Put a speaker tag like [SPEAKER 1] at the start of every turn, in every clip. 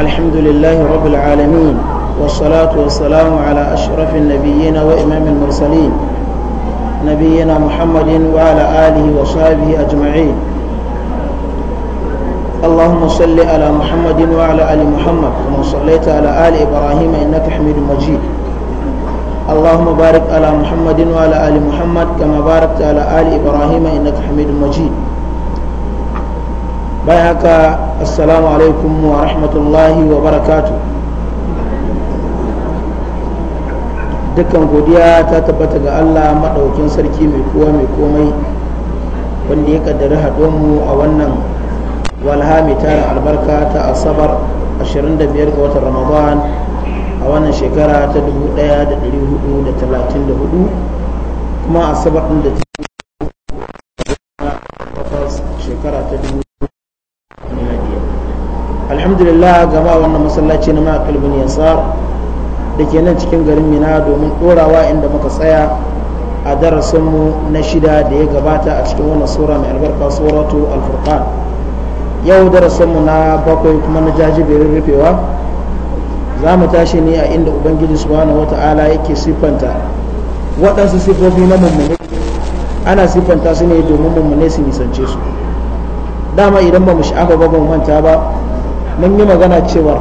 [SPEAKER 1] الحمد لله رب العالمين والصلاة والسلام على أشرف النبيين وإمام المرسلين نبينا محمد وعلى آله وصحبه أجمعين اللهم صل على محمد وعلى آل محمد كما صليت على آل إبراهيم إنك حميد مجيد اللهم بارك على محمد وعلى آل محمد كما باركت على آل إبراهيم إنك حميد مجيد bayan haka assalamu alaikum wa rahmatullahi wa barakatu dukkan godiya ta tabbata ga allah maɗaukin sarki mai kowa mai komai wanda ya kaddari haɗonmu a wannan walha mai tarin albarka ta asabar 25 ga watan ramadan a wannan shekara ta 1434 kuma asabar ɗin da ta alhamdulillah gama wannan masallaci na ma'aqil bin yasar da ke nan cikin garin mina domin ɗorawa inda muka tsaya a darasinmu na shida da ya gabata a cikin wannan sura mai albarka suratu al yau darasinmu na bakwai kuma na jajiberin rufewa za mu tashi ne a inda ubangiji subhanahu ala yake siffanta waɗansu siffofi na mummune ana siffanta su ne domin mummune su nisance su dama idan ba mu sha'afa ba mu manta ba mun yi magana cewa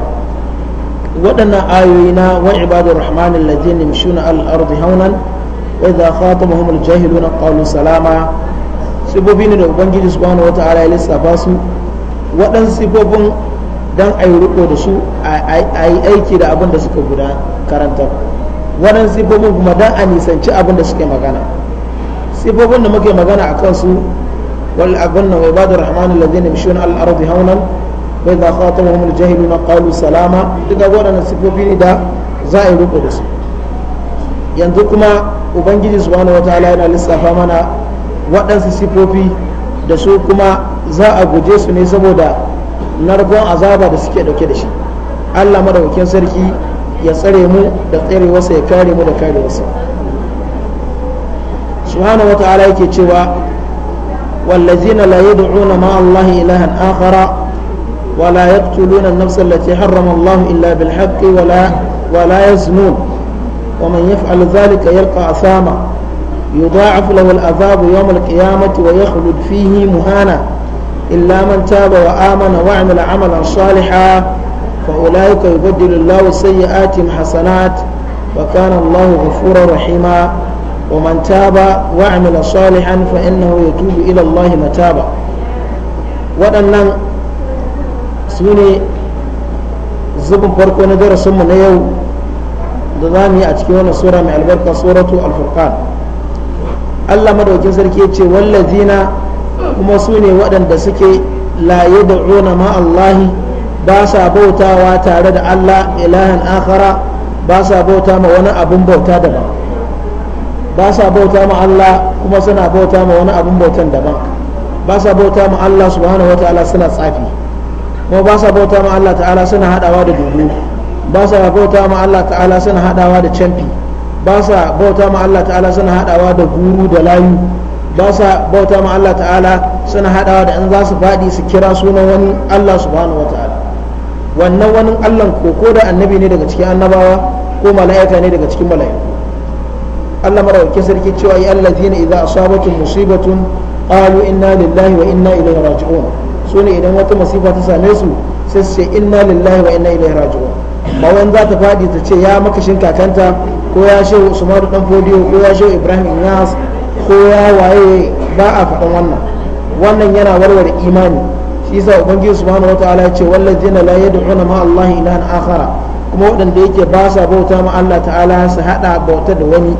[SPEAKER 1] waɗannan ayoyi na wa ibadur rahman alladhina yamshuna al ardi haunan wa idha khatabahum al jahiluna qalu salama sibobi ne da ubangiji subhanahu wataala ya lissafa su waɗansu sibobin dan a yi riko da su a yi aiki da abin da suka guda karanta waɗansu sibobin kuma dan a nisanci abin da suke magana sibobin da muke magana a kansu wal abin na wa ibadur rahman alladhina mishuna al ardi haunan وإذا خاطبهم الجاهلون قالوا سلاما إذا ورنا سفوفين إذا زائر قدس يندكما وبنجي سبحانه وتعالى yana lissafa mana waɗansu sifofi da su kuma za a guje su ne saboda narkon azaba da suke ɗauke da shi allah madaukakin sarki ya tsare mu da wasa ya kare mu da karewarsa subhanahu wa yake cewa wallazina la yad'una ma allahi ilahan akhara ولا يقتلون النفس التي حرم الله إلا بالحق ولا ولا يزنون ومن يفعل ذلك يلقى أثاما يضاعف له العذاب يوم القيامة ويخلد فيه مهانا إلا من تاب وآمن وعمل عملا صالحا فأولئك يبدل الله سيئاتهم حسنات وكان الله غفورا رحيما ومن تاب وعمل صالحا فإنه يتوب إلى الله متابا waɗannan su ne zubin farko na darasinmu na yau da za mu yi a cikin wannan sura mai albarka suratu al-furqan Allah madaukin sarki ya ce wallazina kuma su ne waɗanda suke da yad'una ma Allahi ba sa bautawa tare da Allah ilahan akhara ba sa bauta ma wani abun bauta daban ba sa bauta ma Allah kuma suna bauta ma wani abun bautan daban ba sa bauta ma Allah subhanahu wataala suna tsafi kuma ba sa bauta ma Allah ta'ala suna hadawa da dodo ba sa bauta ma Allah ta'ala suna hadawa da canfi ba sa bauta ma Allah ta'ala suna hadawa da guru da layu ba sa bauta ma Allah ta'ala suna hadawa da in za su faɗi su kira sunan wani Allah subhanahu wa ta'ala wannan wani Allah ko da annabi ne daga cikin annabawa ko mala'ika ne daga cikin mala'iku Allah marauke sarki cewa ya allazina idza asabatuhum musibatun qalu inna lillahi wa inna ilaihi raji'un su ne idan wata masifa ta same su sai su ce inna lillahi wa inna ilaihi raji'un ba wani za ta faɗi ta ce ya makashin kakanta ko ya shehu usmanu dan fodiyo ko ya shehu ibrahim inyas ko ya waye ba a faɗan wannan wannan yana warware imani shi yasa ubangiji subhanahu wataala ya ce wallazina la yad'una ma allahi ilahan akhara kuma waɗanda yake ba sa bauta ma Allah ta'ala su hada bauta da wani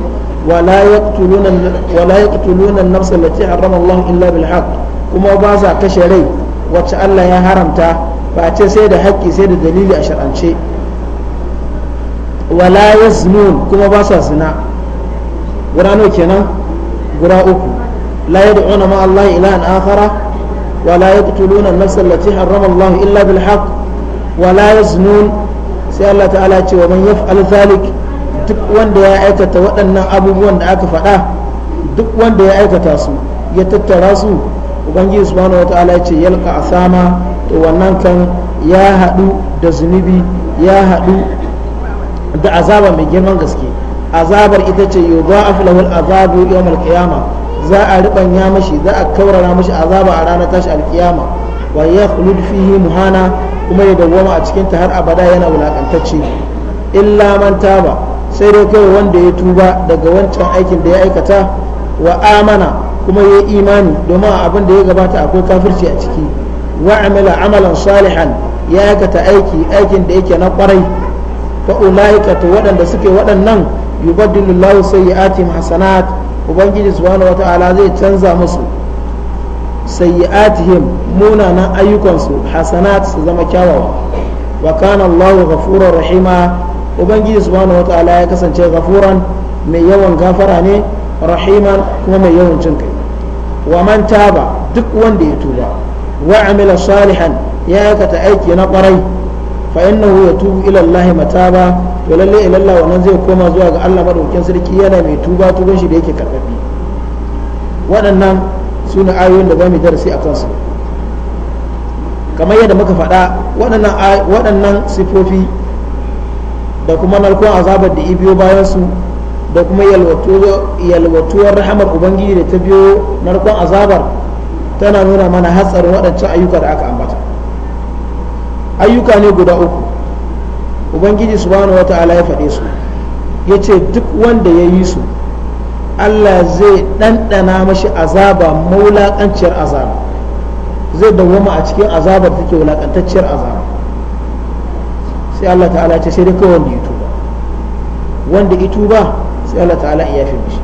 [SPEAKER 1] wala yaqtuluna wala yaqtuluna an-nafsa allati harrama illa bil haqq kuma ba sa kashe rai wacce Allah ya haramta ba a ce sai da haƙƙi sai da dalili a shar'ance wala yaznun kuma ba sa zina guda nawa kenan guda uku la yad'una ma Allah ilahan akhara wala yaqtuluna an-nafsa allati harrama Allah illa bil haqq wala yaznun sai Allah ta'ala ce wa man yaf'al zalik duk wanda ya aikata waɗannan abubuwan da aka faɗa duk wanda ya aikata su ya tattara su ubangiji subhanahu wa ya ce yalka asama to wannan kan ya haɗu da zunubi ya haɗu da azaba mai girman gaske azabar ita ce yau za a filawar azabu yawon alkiyama za a riɓanya mashi za a kaurara mashi azaba a ranar tashi alkiyama wa ya khulud fihi muhana kuma ya dawwama a cikin ta har abada yana wulakantacce illa man taba sai dai kawai wanda ya tuba daga wancan aikin da ya aikata wa amana kuma ya yi imani domin abin da ya gabata akwai kafirci a ciki wa amila amalan salihan ya aikata aiki aikin da yake na kwarai fa ulaika to waɗanda suke waɗannan yubaddilu Allahu sayyi'atihim hasanat ubangiji subhanahu wata'ala zai canza musu sayyi'atihim munanan ayyukansu hasanat su zama kyawawa wa kana Allahu ghafurur rahima ubangiji subhanahu wata'ala ya kasance ghafuran mai yawan gafara ne rahiman kuma mai yawan cin kai wa man taba duk wanda ya tuba wa amila salihan ya aikata aiki na kwarai fa innahu yatubu ila Allah mataba to lalle ila wannan zai koma zuwa ga Allah madaukakin sarki yana mai tuba tuban shi da yake karbabi waɗannan su ne ayoyin da zamu darasi a kansu kamar yadda muka faɗa waɗannan sifofi da kuma narkon azabar da ibiyo bayan su da kuma yalwatuwar rahamar ubangiji da ta biyo narkon azabar tana nuna mana hatsarin waɗancan ayyuka da aka ambata ayyuka ne guda uku ubangiji subhanahu wata'ala ya faɗe su ya ce duk wanda ya yi su allah zai ɗanɗana mashi azaba mawulaƙanciyar azaba zai dawwama a cikin azabar take wulaƙantacciyar azaba sai allah ta'ala ce sai dai kawai wanda ya tuba wanda ya tuba sai Allah ta'ala ya fi mishi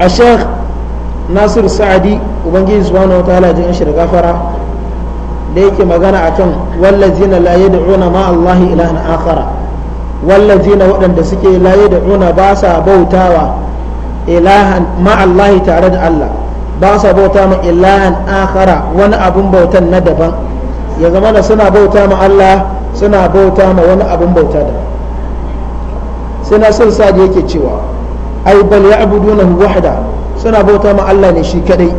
[SPEAKER 1] a sheikh nasiru sa'adi ubangiji subhanahu wa ta'ala jin shi da gafara da yake magana akan wallazina la yad'una ma Allah ilahan akhara wallazina waɗanda suke la yad'una ba sa bautawa ilahan ma Allah tare da Allah ba sa bauta ma ilahan akhara wani abun bautan na daban ya zama da suna bauta ma Allah suna bauta ma wani abin bauta da sai na sun sa yake cewa ai bal ya'budunahu wahda suna bauta ma Allah ne shi kadai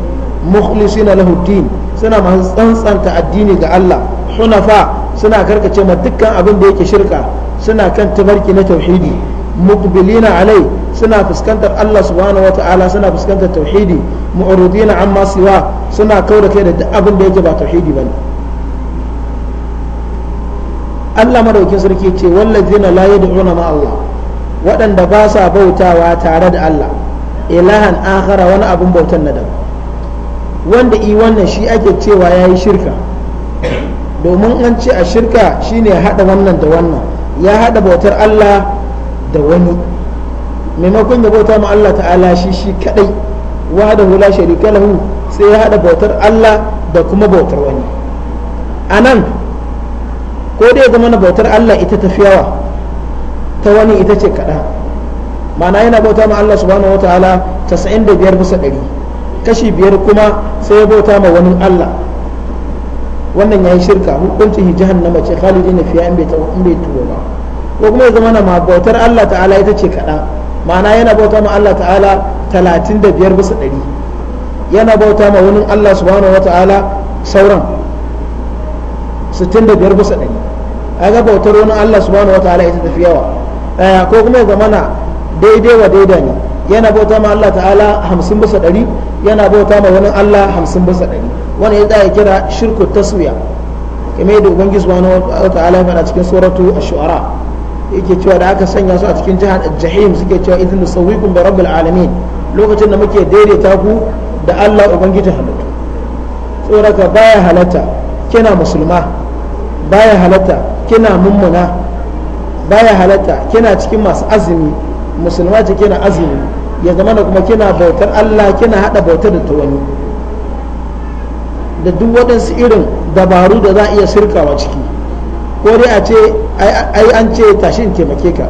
[SPEAKER 1] mukhlisina lahu din suna masu tsantsanta addini ga Allah hunafa suna karkace ma dukkan abin da yake shirka suna kan tabarki na tauhidi muqbilina alai suna fuskantar Allah subhanahu wataala suna fuskantar tauhidi mu'ridina amma siwa suna kaura kai da abin da yake ba tauhidi bane Allah madaukin sarki ce wallazina la yad'una ma Allah waɗanda ba sa bautawa tare da Allah ilahan akhara wani abun bautan na daban wanda i wannan shi ake cewa yayi shirka domin an ce a shirka shine hada wannan da wannan ya hada bautar Allah da wani maimakon ya bauta ma Allah ta'ala shi shi kadai wa da sharika lahu sai ya hada bautar Allah da kuma bautar wani anan ko dai zama na bautar Allah ita tafi yawa ta wani ita ce kaɗa, ma'ana yana bauta ma Allah subhanahu wa ta'ala 95 bisa ɗari kashi biyar kuma sai ya bauta ma wani Allah wannan ya yi shirka hukuncin jahannama ce khalidi na fiya in bai tuwo ba ko kuma ya zama na ma bautar Allah ta'ala ita ce kaɗa, ma'ana yana bauta ma Allah ta'ala 35 bisa ɗari yana bauta ma wani Allah subhanahu wa ta'ala sauran 65 bisa ɗari a ga bautar wani Allah subhanahu wataala ita tafi yawa ko kuma ya zamana daidai wa daida ne yana bauta ma Allah ta'ala hamsin bisa ɗari yana bauta ma wani Allah hamsin bisa ɗari wani ya tsaya kira shirku taswiya kamar yadda ubangiji subhanahu wataala ya faɗa cikin suratu ash-shu'ara yake cewa da aka sanya su a cikin jihar jahim suke cewa idan nusawwikum bi rabbil alamin lokacin da muke daidaita ku da Allah ubangiji halittu tsoraka baya halatta kina musulma baya halatta kina mummuna baya halatta kina cikin masu azumi musulma ce kina azumi ya zama da kuma kina bautar Allah kina hada bautar da ta wani da duk waɗansu irin dabaru da za a iya sirkawa ciki ko dai a ce ai an ce tashin taimake ka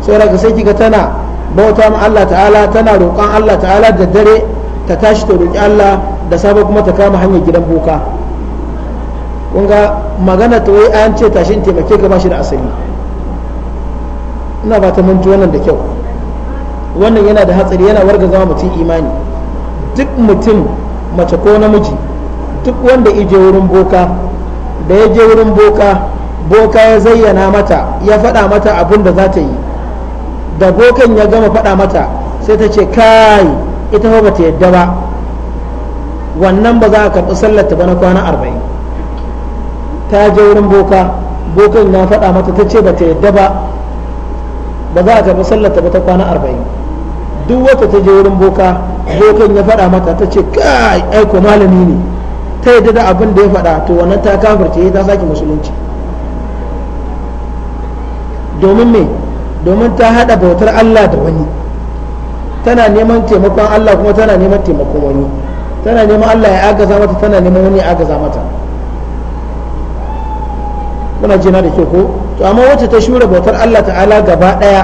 [SPEAKER 1] saboda ka sai kika tana bauta ma Allah ta'ala tana roƙon Allah ta'ala da dare ta tashi ta roƙi Allah da safe kuma ta kama hanyar gidan boka kunga magana ta wai an ce tashin taimake ka bashi da asali ina ba ta manci wannan da kyau wannan yana da hatsari yana warga zama mutum imani duk mutum mace ko namiji duk wanda ya wurin boka da ya je wurin boka boka ya zayyana mata ya faɗa mata abin da za ta yi da bokan ya gama faɗa mata sai ta ce kai ita ba ta yadda ba wannan ba za a karɓi sallar ta ba na kwana arba'in ta je wurin boka bokan ya faɗa mata ta ce ba ta yadda ba ba za a tafi sallata ba ta kwana arba'in duk wata ta je wurin boka bokan ya faɗa mata ta ce kai aiko malami ne ta yadda da abin da ya faɗa to wannan ta kafirce ta sake musulunci domin me domin ta haɗa bautar Allah da wani tana neman taimakon Allah kuma tana neman taimakon wani tana neman Allah ya agaza mata tana neman wani ya agaza mata kuna jina da kyau ko to amma wacce ta shura bautar Allah ta'ala gaba daya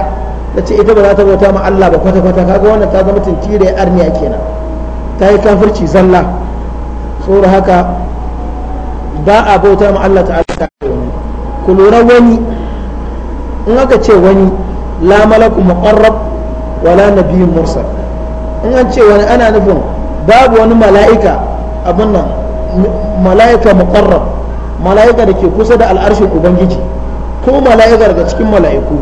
[SPEAKER 1] ta ce ita ba za ta bauta ma Allah ba kwata kwata kaga wannan ta zama tintire arniya kenan ta yi kafirci zalla saboda haka ba a bauta ma Allah ta'ala ta wani ku lura wani in aka ce wani la malaku muqarrab wala nabiyyun mursal in an ce wani ana nufin babu wani mala'ika abin nan mala'ika muqarrab mala'ika da ke kusa da al'arshin ubangiji ko mala'ika daga cikin mala'iku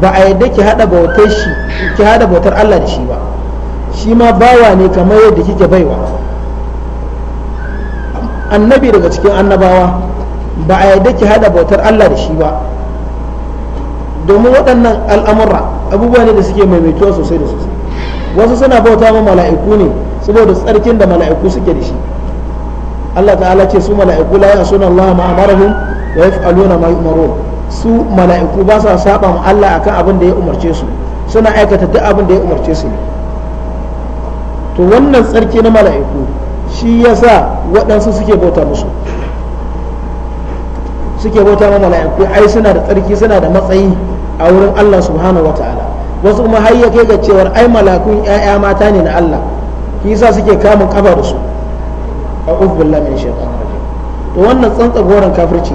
[SPEAKER 1] ba a yadda ki hada bautar shi ki hada bautar Allah da shi ba shi ma bawa ne kamar yadda kike baiwa annabi daga cikin annabawa ba a yadda ki hada bautar Allah da shi ba domin waɗannan al'amurra abubuwa ne da suke maimaituwa sosai da sosai wasu suna bauta ma mala'iku ne saboda tsarkin da mala'iku suke da shi Allah ta'ala ce su mala'iku la yasuna Allah ma amarahum wa yaf'aluna ma yu'marun su mala'iku ba sa saba ma Allah akan abin da ya umarce su suna aikata duk abin da ya umarce su ne to wannan tsarki na mala'iku shi yasa waɗansu suke bauta musu suke bauta ma mala'iku ai suna da tsarki suna da matsayi a wurin Allah subhanahu wasu kuma har ga cewar ai mala'ikun 'ya'ya mata ne na Allah shi yasa suke kamun kafa da su a'udhu billahi minash shaitanir rajim to wannan tsantsa goran kafirci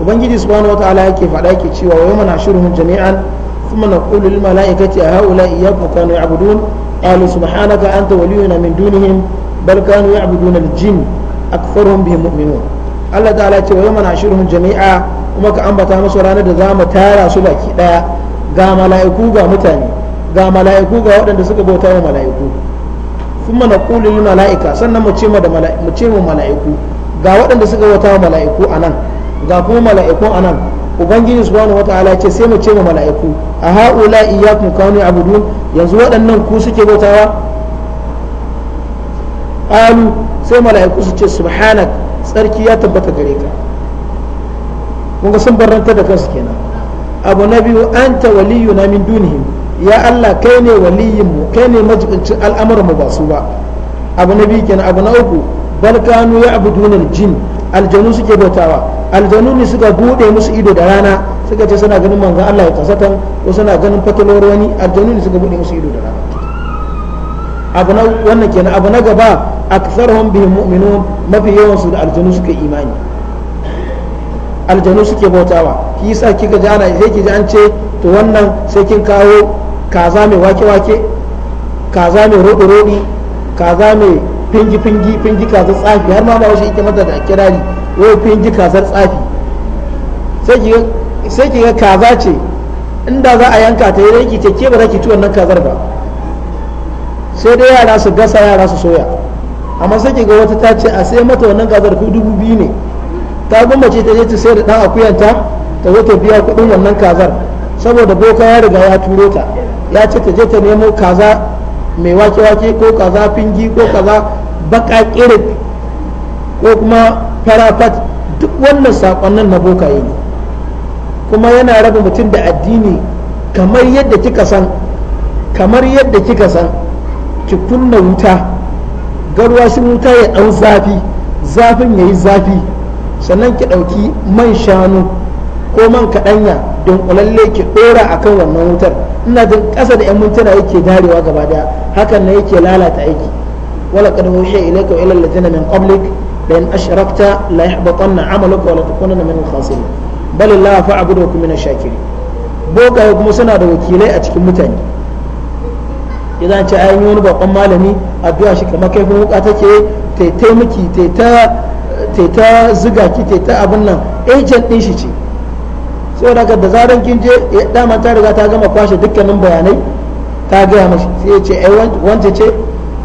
[SPEAKER 1] ubangiji subhanahu wataala yake faɗa yake cewa wa yawma nahshuruhum jami'an thumma naqulu lil mala'ikati a haula iyyakum kanu ya'budun qalu subhanaka anta waliyuna min dunihim bal kanu ya'buduna al jinn aktharuhum bihim mu'minun Allah ta'ala ce wa yawma nahshuruhum jami'a kuma ka ambata musu ranar da za mu tara su baki daya ga mala'iku ga mutane ga mala'iku ga waɗanda suka bauta wa mala'iku sun mana kulu yi mala'ika sannan mu ce mala'iku ga waɗanda suka wata mala'iku a nan ga kuma mala'ikun a nan ubangiji subhanahu ala ce sai mu ce mu mala'iku a haula iyyakum kanu abudun yanzu waɗannan ku suke bautawa qalu sai mala'iku su ce subhanak tsarki ya tabbata gare ka kun ga sun barranta da kansu kenan abu na biyu anta waliyuna min dunihim ya Allah kai ne waliyin mu kai ne majibincin al'amuran mu ba su ba abu na biyu kenan abu na uku bal kanu ya dunar jin aljanu suke bautawa aljanu ne suka bude musu ido da rana suka ce suna ganin manzon Allah ya kasatan ko suna ganin fatalar wani aljanu ne suka bude musu ido da rana abu na wannan kenan abu na gaba aktharuhum bihim mu'minun mafi yawan su da aljanu suka imani aljanu suke bautawa shi yasa kika ji ana sai ki ji an ce to wannan sai kin kawo kaza mai wake-wake kaza mai roɗi-roɗi kaza mai fingi-fingi fingi kazar tsafi har ma ba wasu ita mata da kirari wai fingi kazar tsafi sai ki ga kaza ce inda za a yanka ta yi ki ce ke ba za ki ci wannan kazar ba sai dai yara su gasa yara su soya amma sai ki ga wata ta ce a sai mata wannan kazar ku dubu biyu ne ta gumbace ta je ta sayar da ɗan akuyanta ta zo ta biya kuɗin wannan kazar saboda boka ya riga ya turo ta ya ce ta je ta nemo kaza mai wake-wake ko kaza fingi ko kaza baka kirit ko kuma farafat duk wannan sakonnin na yi ne kuma yana raba mutum da addini kamar yadda kika san kamar yadda kika san ki kunna wuta shi wuta ya ɗau zafi zafin ya yi zafi sannan ki ɗauki man shanu ko man kaɗanya dunkulalle ke dora akan wannan wutar ina jin kasa da yan mintuna yake darewa gaba daya hakan ne yake lalata aiki wala kad wuhiya ilayka wa ilal ladina min qablik lan ashrakta la yahbatanna 'amaluka wa la takunanna min al-khasirin bal Allah fa'budu wa min ash-shakirin bokaye kuma suna da wakilai a cikin mutane idan ce ayin wani bakon malami addu'a shi kamar kaifin wuka take taitai miki taita zuga ki taita abin nan agent din shi ce sai wadaka da zaran kin je eh, dama ta riga ta gama kwashe dukkanin bayanai ta gaya mashi sai ya ce ai wance ce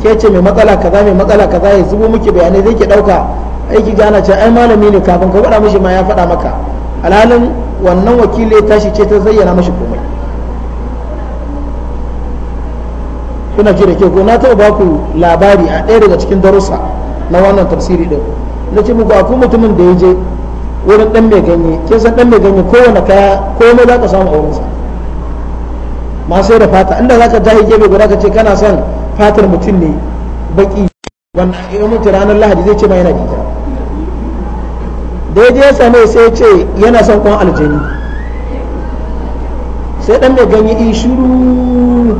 [SPEAKER 1] ke ce mai matsala kaza mai matsala kaza ya zubo miki bayanai zai ke dauka aiki gana ce ai malami ne kafin ka faɗa mashi ma ya faɗa maka alhalin wannan wakili ya tashi ce ta zayyana mashi komai kuna ji da ke ko na taɓa ba ku labari a ɗaya daga cikin darussa na wannan tafsiri ɗin na ce muku akwai mutumin da ya je wani dan mai ganye ke san dan mai ganye kowane kaya komai za ka samu a wurinsa ma sai da fata inda za ka jahi gefe guda ka ce kana son fatar mutum ne baki wannan ya mutu ranar lahadi zai ce ma yana gida daidai same sai ce yana son kwan aljani sai dan mai ganye shiru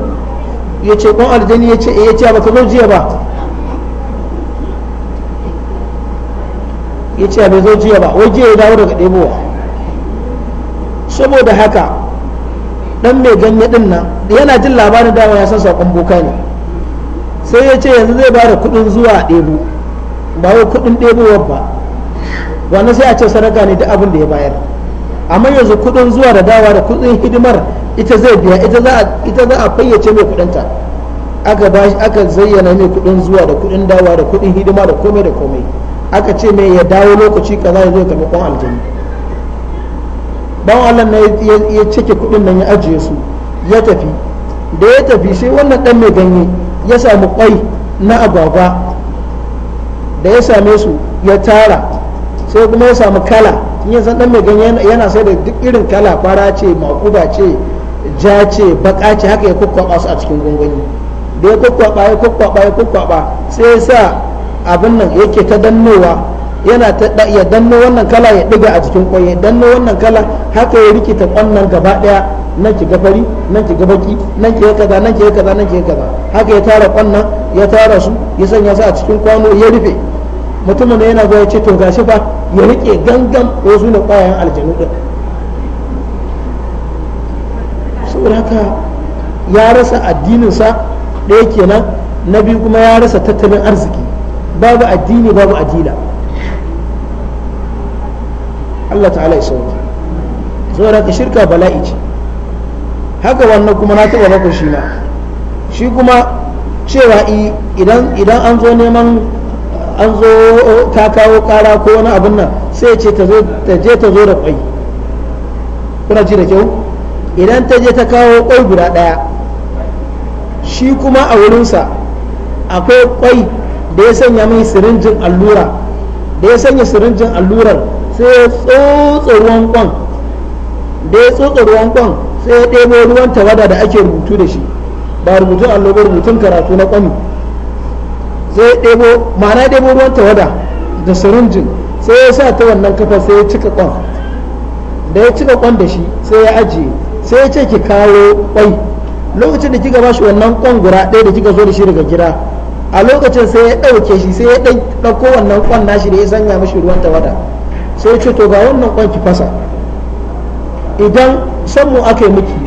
[SPEAKER 1] ya ce kwan aljani ya ce ya ce ba ka zo jiya ba ya ce bai zo jiya ba wai jiya ya dawo daga ɗebowa saboda haka dan mai ganye din nan yana jin labarin dawa ya san saƙon boka ne sai ya ce yanzu zai ba da kuɗin zuwa ɗebo ba wai kuɗin ɗebowa ba wannan sai a ce sadaka ne da abin da ya bayar amma yanzu kuɗin zuwa da dawa da kuɗin hidimar ita zai biya ita za a fayyace mai kuɗinta aka zayyana mai kuɗin zuwa da kuɗin dawa da kuɗin hidima da komai da komai aka ce mai ya dawo lokaci kaza ya zo ya karɓi kwan aljanu bawan Allah na ya cike kuɗin nan ya ajiye su ya tafi da ya tafi sai wannan ɗan mai ganye ya samu kwai na agwagwa da ya same su ya tara sai kuma ya samu kala in ya san ɗan mai ganye yana sai da duk irin kala fara ce makuda ce ja ce baka ce haka ya kwakwaba su a cikin gwangwani da ya kwakwaba ya kwakwaba ya kwakwaba sai ya sa abin nan yake ta dannowa yana ta ya danno wannan kala ya diga a cikin kwai ya danno wannan kala haka ya rikita kwannan gaba daya nan ki gafari nan ki gabaki nan ki kaza nan ki kaza nan ki kaza haka ya tara kwannan ya tara su ya sanya su a cikin kwano ya rufe mutumin ne yana zuwa ya ce to gashi fa ya rike gangan wasu ne kwayan aljanu din saboda haka ya rasa addininsa ɗaya kenan na biyu kuma ya rasa tattalin arziki babu addini babu adila Allah ta'ala ya sauke saboda ka shirka bala'i ce haka wannan kuma na taba maka shi ma shi kuma cewa idan idan an zo neman an zo ta kawo kara ko wani abin nan sai ce ta je ta zo da kwai kuna ji da kyau idan ta je ta kawo kwai guda daya shi kuma a wurinsa akwai kwai da ya sanya mai sirinjin allura da ya sanya sirinjin allurar sai ya tsotsa ruwan kwan da ya tsotsa ruwan kwan sai ya ɗebo ruwan tawada da ake rubutu da shi ba rubutun allo rubutun karatu na kwami sai ya ɗebo ma'ana ɗebo ruwan tawada da sirinjin sai ya sa ta wannan kafa sai ya cika kwan da ya cika kwan da shi sai ya ajiye sai ya ce ki kawo kwai lokacin da kika ba shi wannan kwan guda ɗaya da kika zo da shi daga gida a lokacin sai ya ɗauke shi sai ya ɗauko wannan kwan nashi da ya sanya mashi ruwan tawada sai ce to ga wannan kwan ki fasa idan sanmu aka yi miki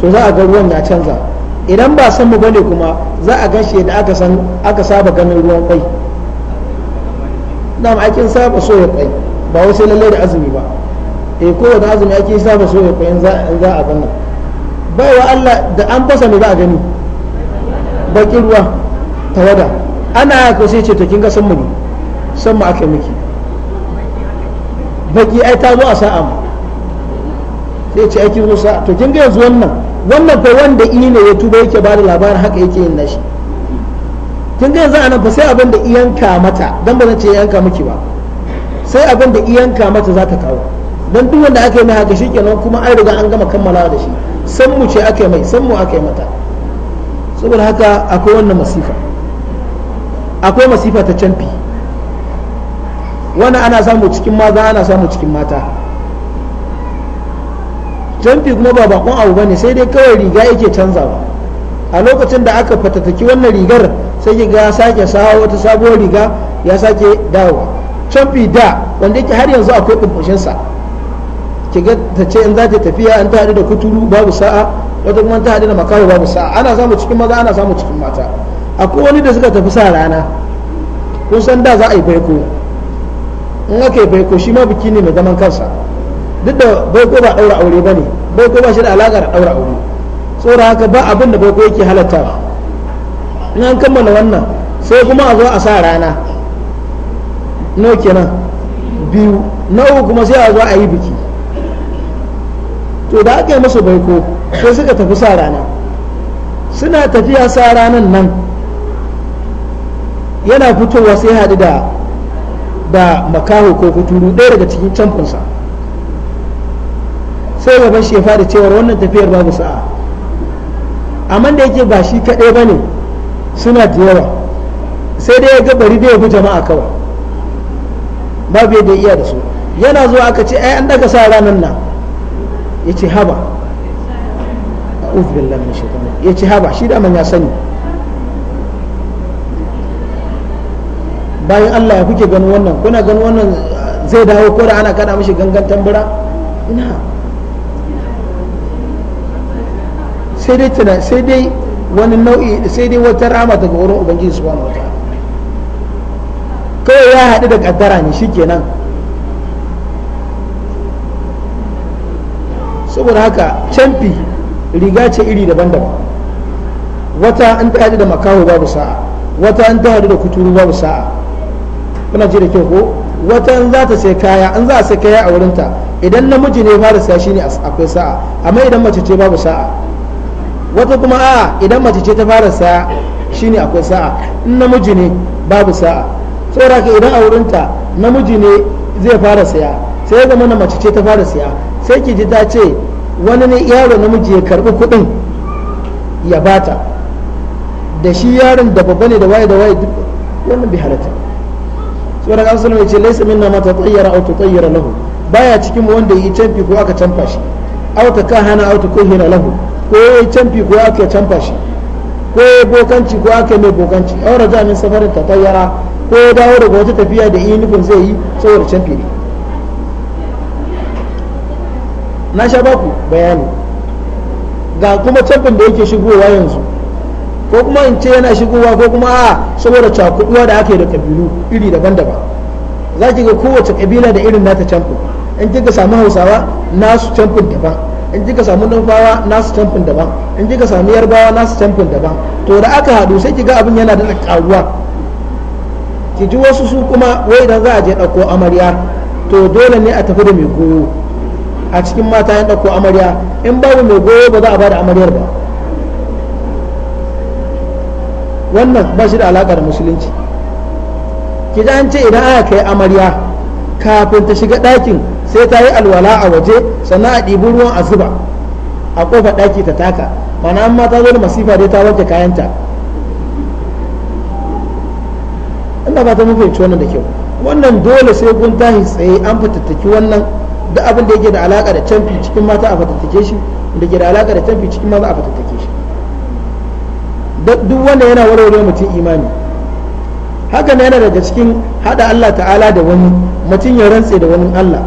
[SPEAKER 1] to za a ga ruwan ya canza idan ba sanmu ba ne kuma za a ganshi shi da aka san aka saba ganin ruwan kwai na aikin saba soya kwai ba wai sai lallai da azumi ba eh da azumi ake saba soya kwai in za a ganin baiwa Allah da an fasa ne za a gani baƙin ruwa ta wada ana ko sai ce to kin ga san mu ne san mu aka miki baki ai ta zo a sa'a mu sai ce ai zo sa'a to kin ga yanzu wannan wannan fa wanda ina ya tuba yake ba da labarin haka yake yin nashi kin ga yanzu anan fa sai abin da iyanka mata dan ba zan ce iyanka miki ba sai abin da iyanka mata za ta kawo dan duk wanda aka yi mai haka shikenan kuma ai riga an gama kammala da shi san mu ce aka yi mai san mu aka yi mata saboda haka akwai wannan masifa akwai masifa ta canfi wannan ana samu cikin maza ana samu cikin mata canfi kuma ba bakon abu bane sai dai kawai riga yake canzawa a lokacin da aka fatattaki wannan rigar sai ya ga sake sawa wata sabuwar riga ya sake dawo canfi da wanda yake har yanzu akwai kumfushinsa ki ga ta ce in za ta tafiya an ta haɗu da kuturu babu sa'a wata kuma ta haɗu da makaho babu sa'a ana samu cikin maza ana samu cikin mata akwai wani da suka tafi sa rana kun san da za a yi baiko in aka yi baiko shi ma biki ne mai zaman kansa duk da baiko ba daura aure ba ne baiko ba shi da alaƙa da daura aure saboda haka ba abin da baiko yake halatta in an kammala wannan sai kuma a zo a sa rana no kenan biyu na uku kuma sai a zo a yi biki to da aka yi musu baiko sai suka tafi sa rana suna tafiya sa ranan nan yana fitowa sai haɗu da da makaho ko kuturu ɗaya daga cikin camfinsa sai ya shi ya faɗi cewar wannan tafiyar babu sa'a amma da yake ba shi kaɗai ba ne suna da yawa sai dai ya ga bari da ya fi jama'a kawai babu yadda iya da su yana zuwa aka ce ai an daga sa ranar nan ya ce haba ya ce haba shi da ya sani bayan Allah ya kuke ganin wannan kuna ganin wannan zai dawo ko da ana kada mishi gangan tambura ina sai dai tana sai dai wani nau'i sai dai wata rama daga wurin ubangiji subhanahu wata kawai ya haɗu da kaddara ne shikenan saboda haka canfi riga ce iri daban-daban wata an ta haɗu da makaho babu sa'a wata an ta haɗu da kuturu babu sa'a kuna ji da kyau ko wata in za ta sai kaya an za a sai kaya a wurinta idan namiji ne fara saya shine akwai sa'a amma idan mace ce babu sa'a wata kuma a idan mace ce ta fara saya shine akwai sa'a in namiji ne babu sa'a saboda ka idan a wurinta namiji ne zai fara saya sai ya zama na mace ce ta fara saya sai ki ji ta ce wani ne yaro namiji ya karbi kuɗin ya bata da shi yaron da babba ne da waye da waye wannan bi halatta saboda kan sulma ce laisa minna ma tatayyara aw tatayyara lahu baya cikin wanda yi canfi ko aka canfa shi aw ta kahana aw ta kuhina lahu ko yi canfi ko aka canfa shi ko bokanci ko aka mai bokanci aw raja min safarin tatayyara ko ya dawo daga wata tafiya da yi nufin zai yi saboda canfi ne na sha baku bayani ga kuma canfin da yake shigowa yanzu ko kuma in ce yana shigowa ko kuma a saboda cakuduwa da ake da kabilu iri daban-daban za ki ga kowace kabila da irin nata camfin in kika samu hausawa nasu camfin daban in kika samu nufawa nasu camfin daban in kika samu yarbawa nasu camfin daban to da aka haɗu sai ki ga abin yana da karuwa ki ji wasu su kuma wai idan za a je ɗauko amarya to dole ne a tafi da mai goyo a cikin mata yan ɗauko amarya in babu mai goyo ba za a ba da amaryar ba wannan ba shi da alaƙa da musulunci ki ji an ce idan aka kai amarya kafin ta shiga ɗakin sai ta yi alwala a waje sannan a ɗibi ruwan a zuba a ƙofar ɗaki ta taka mana an mata zo da masifa dai ta wanke kayanta ina ba ta mafi wannan da kyau wannan dole sai kun tashi tsaye an fatattaki wannan duk abin da yake da alaƙa da canfi cikin mata a fatattake shi da ke da alaƙa da canfi cikin mata a fatattake shi duk wanda yana warware mutum imani haka ne yana daga cikin hada Allah ta'ala da wani mutum ya rantse da wani Allah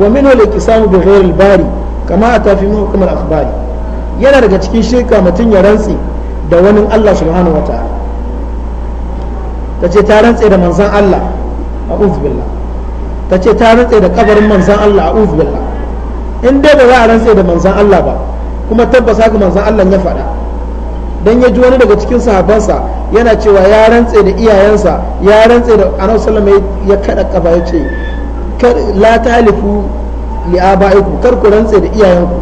[SPEAKER 1] wa min wal iqsamu bi ghairi bari kama ata fi muhkam al akhbari yana daga cikin shirka mutum ya rantse da wani Allah subhanahu wataala tace ta rantse da manzon Allah a'udhu billah tace ta rantse da kabarin manzon Allah a'udhu billah in dai ba za a rantse da manzon Allah ba kuma tabbas haka manzon Allah ya faɗa dan ya ji wani daga cikin sahabansa yana cewa ya rantse da iyayensa ya rantse da annabi sallallahu ya kada kafa ya ce la talifu li abaiku kar ku rantse da iyayenku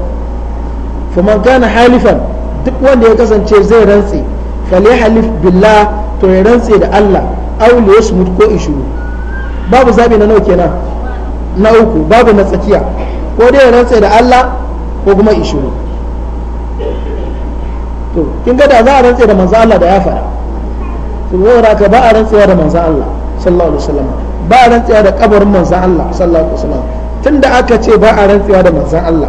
[SPEAKER 1] man kana halifan duk wanda ya kasance zai rantse halif billah to ya rantse da Allah aw li yasmut ko ishuru babu zabi na nawa kenan na uku babu na tsakiya ko dai ya rantse da Allah ko kuma ishuru to kin ga da za a rantse da manzo Allah da ya fara saboda ka ba a rantsewa da manzo Allah sallallahu alaihi wasallam ba a rantsewa da kabarin manzo Allah sallallahu alaihi wasallam tunda aka ce ba a rantsewa da manzo Allah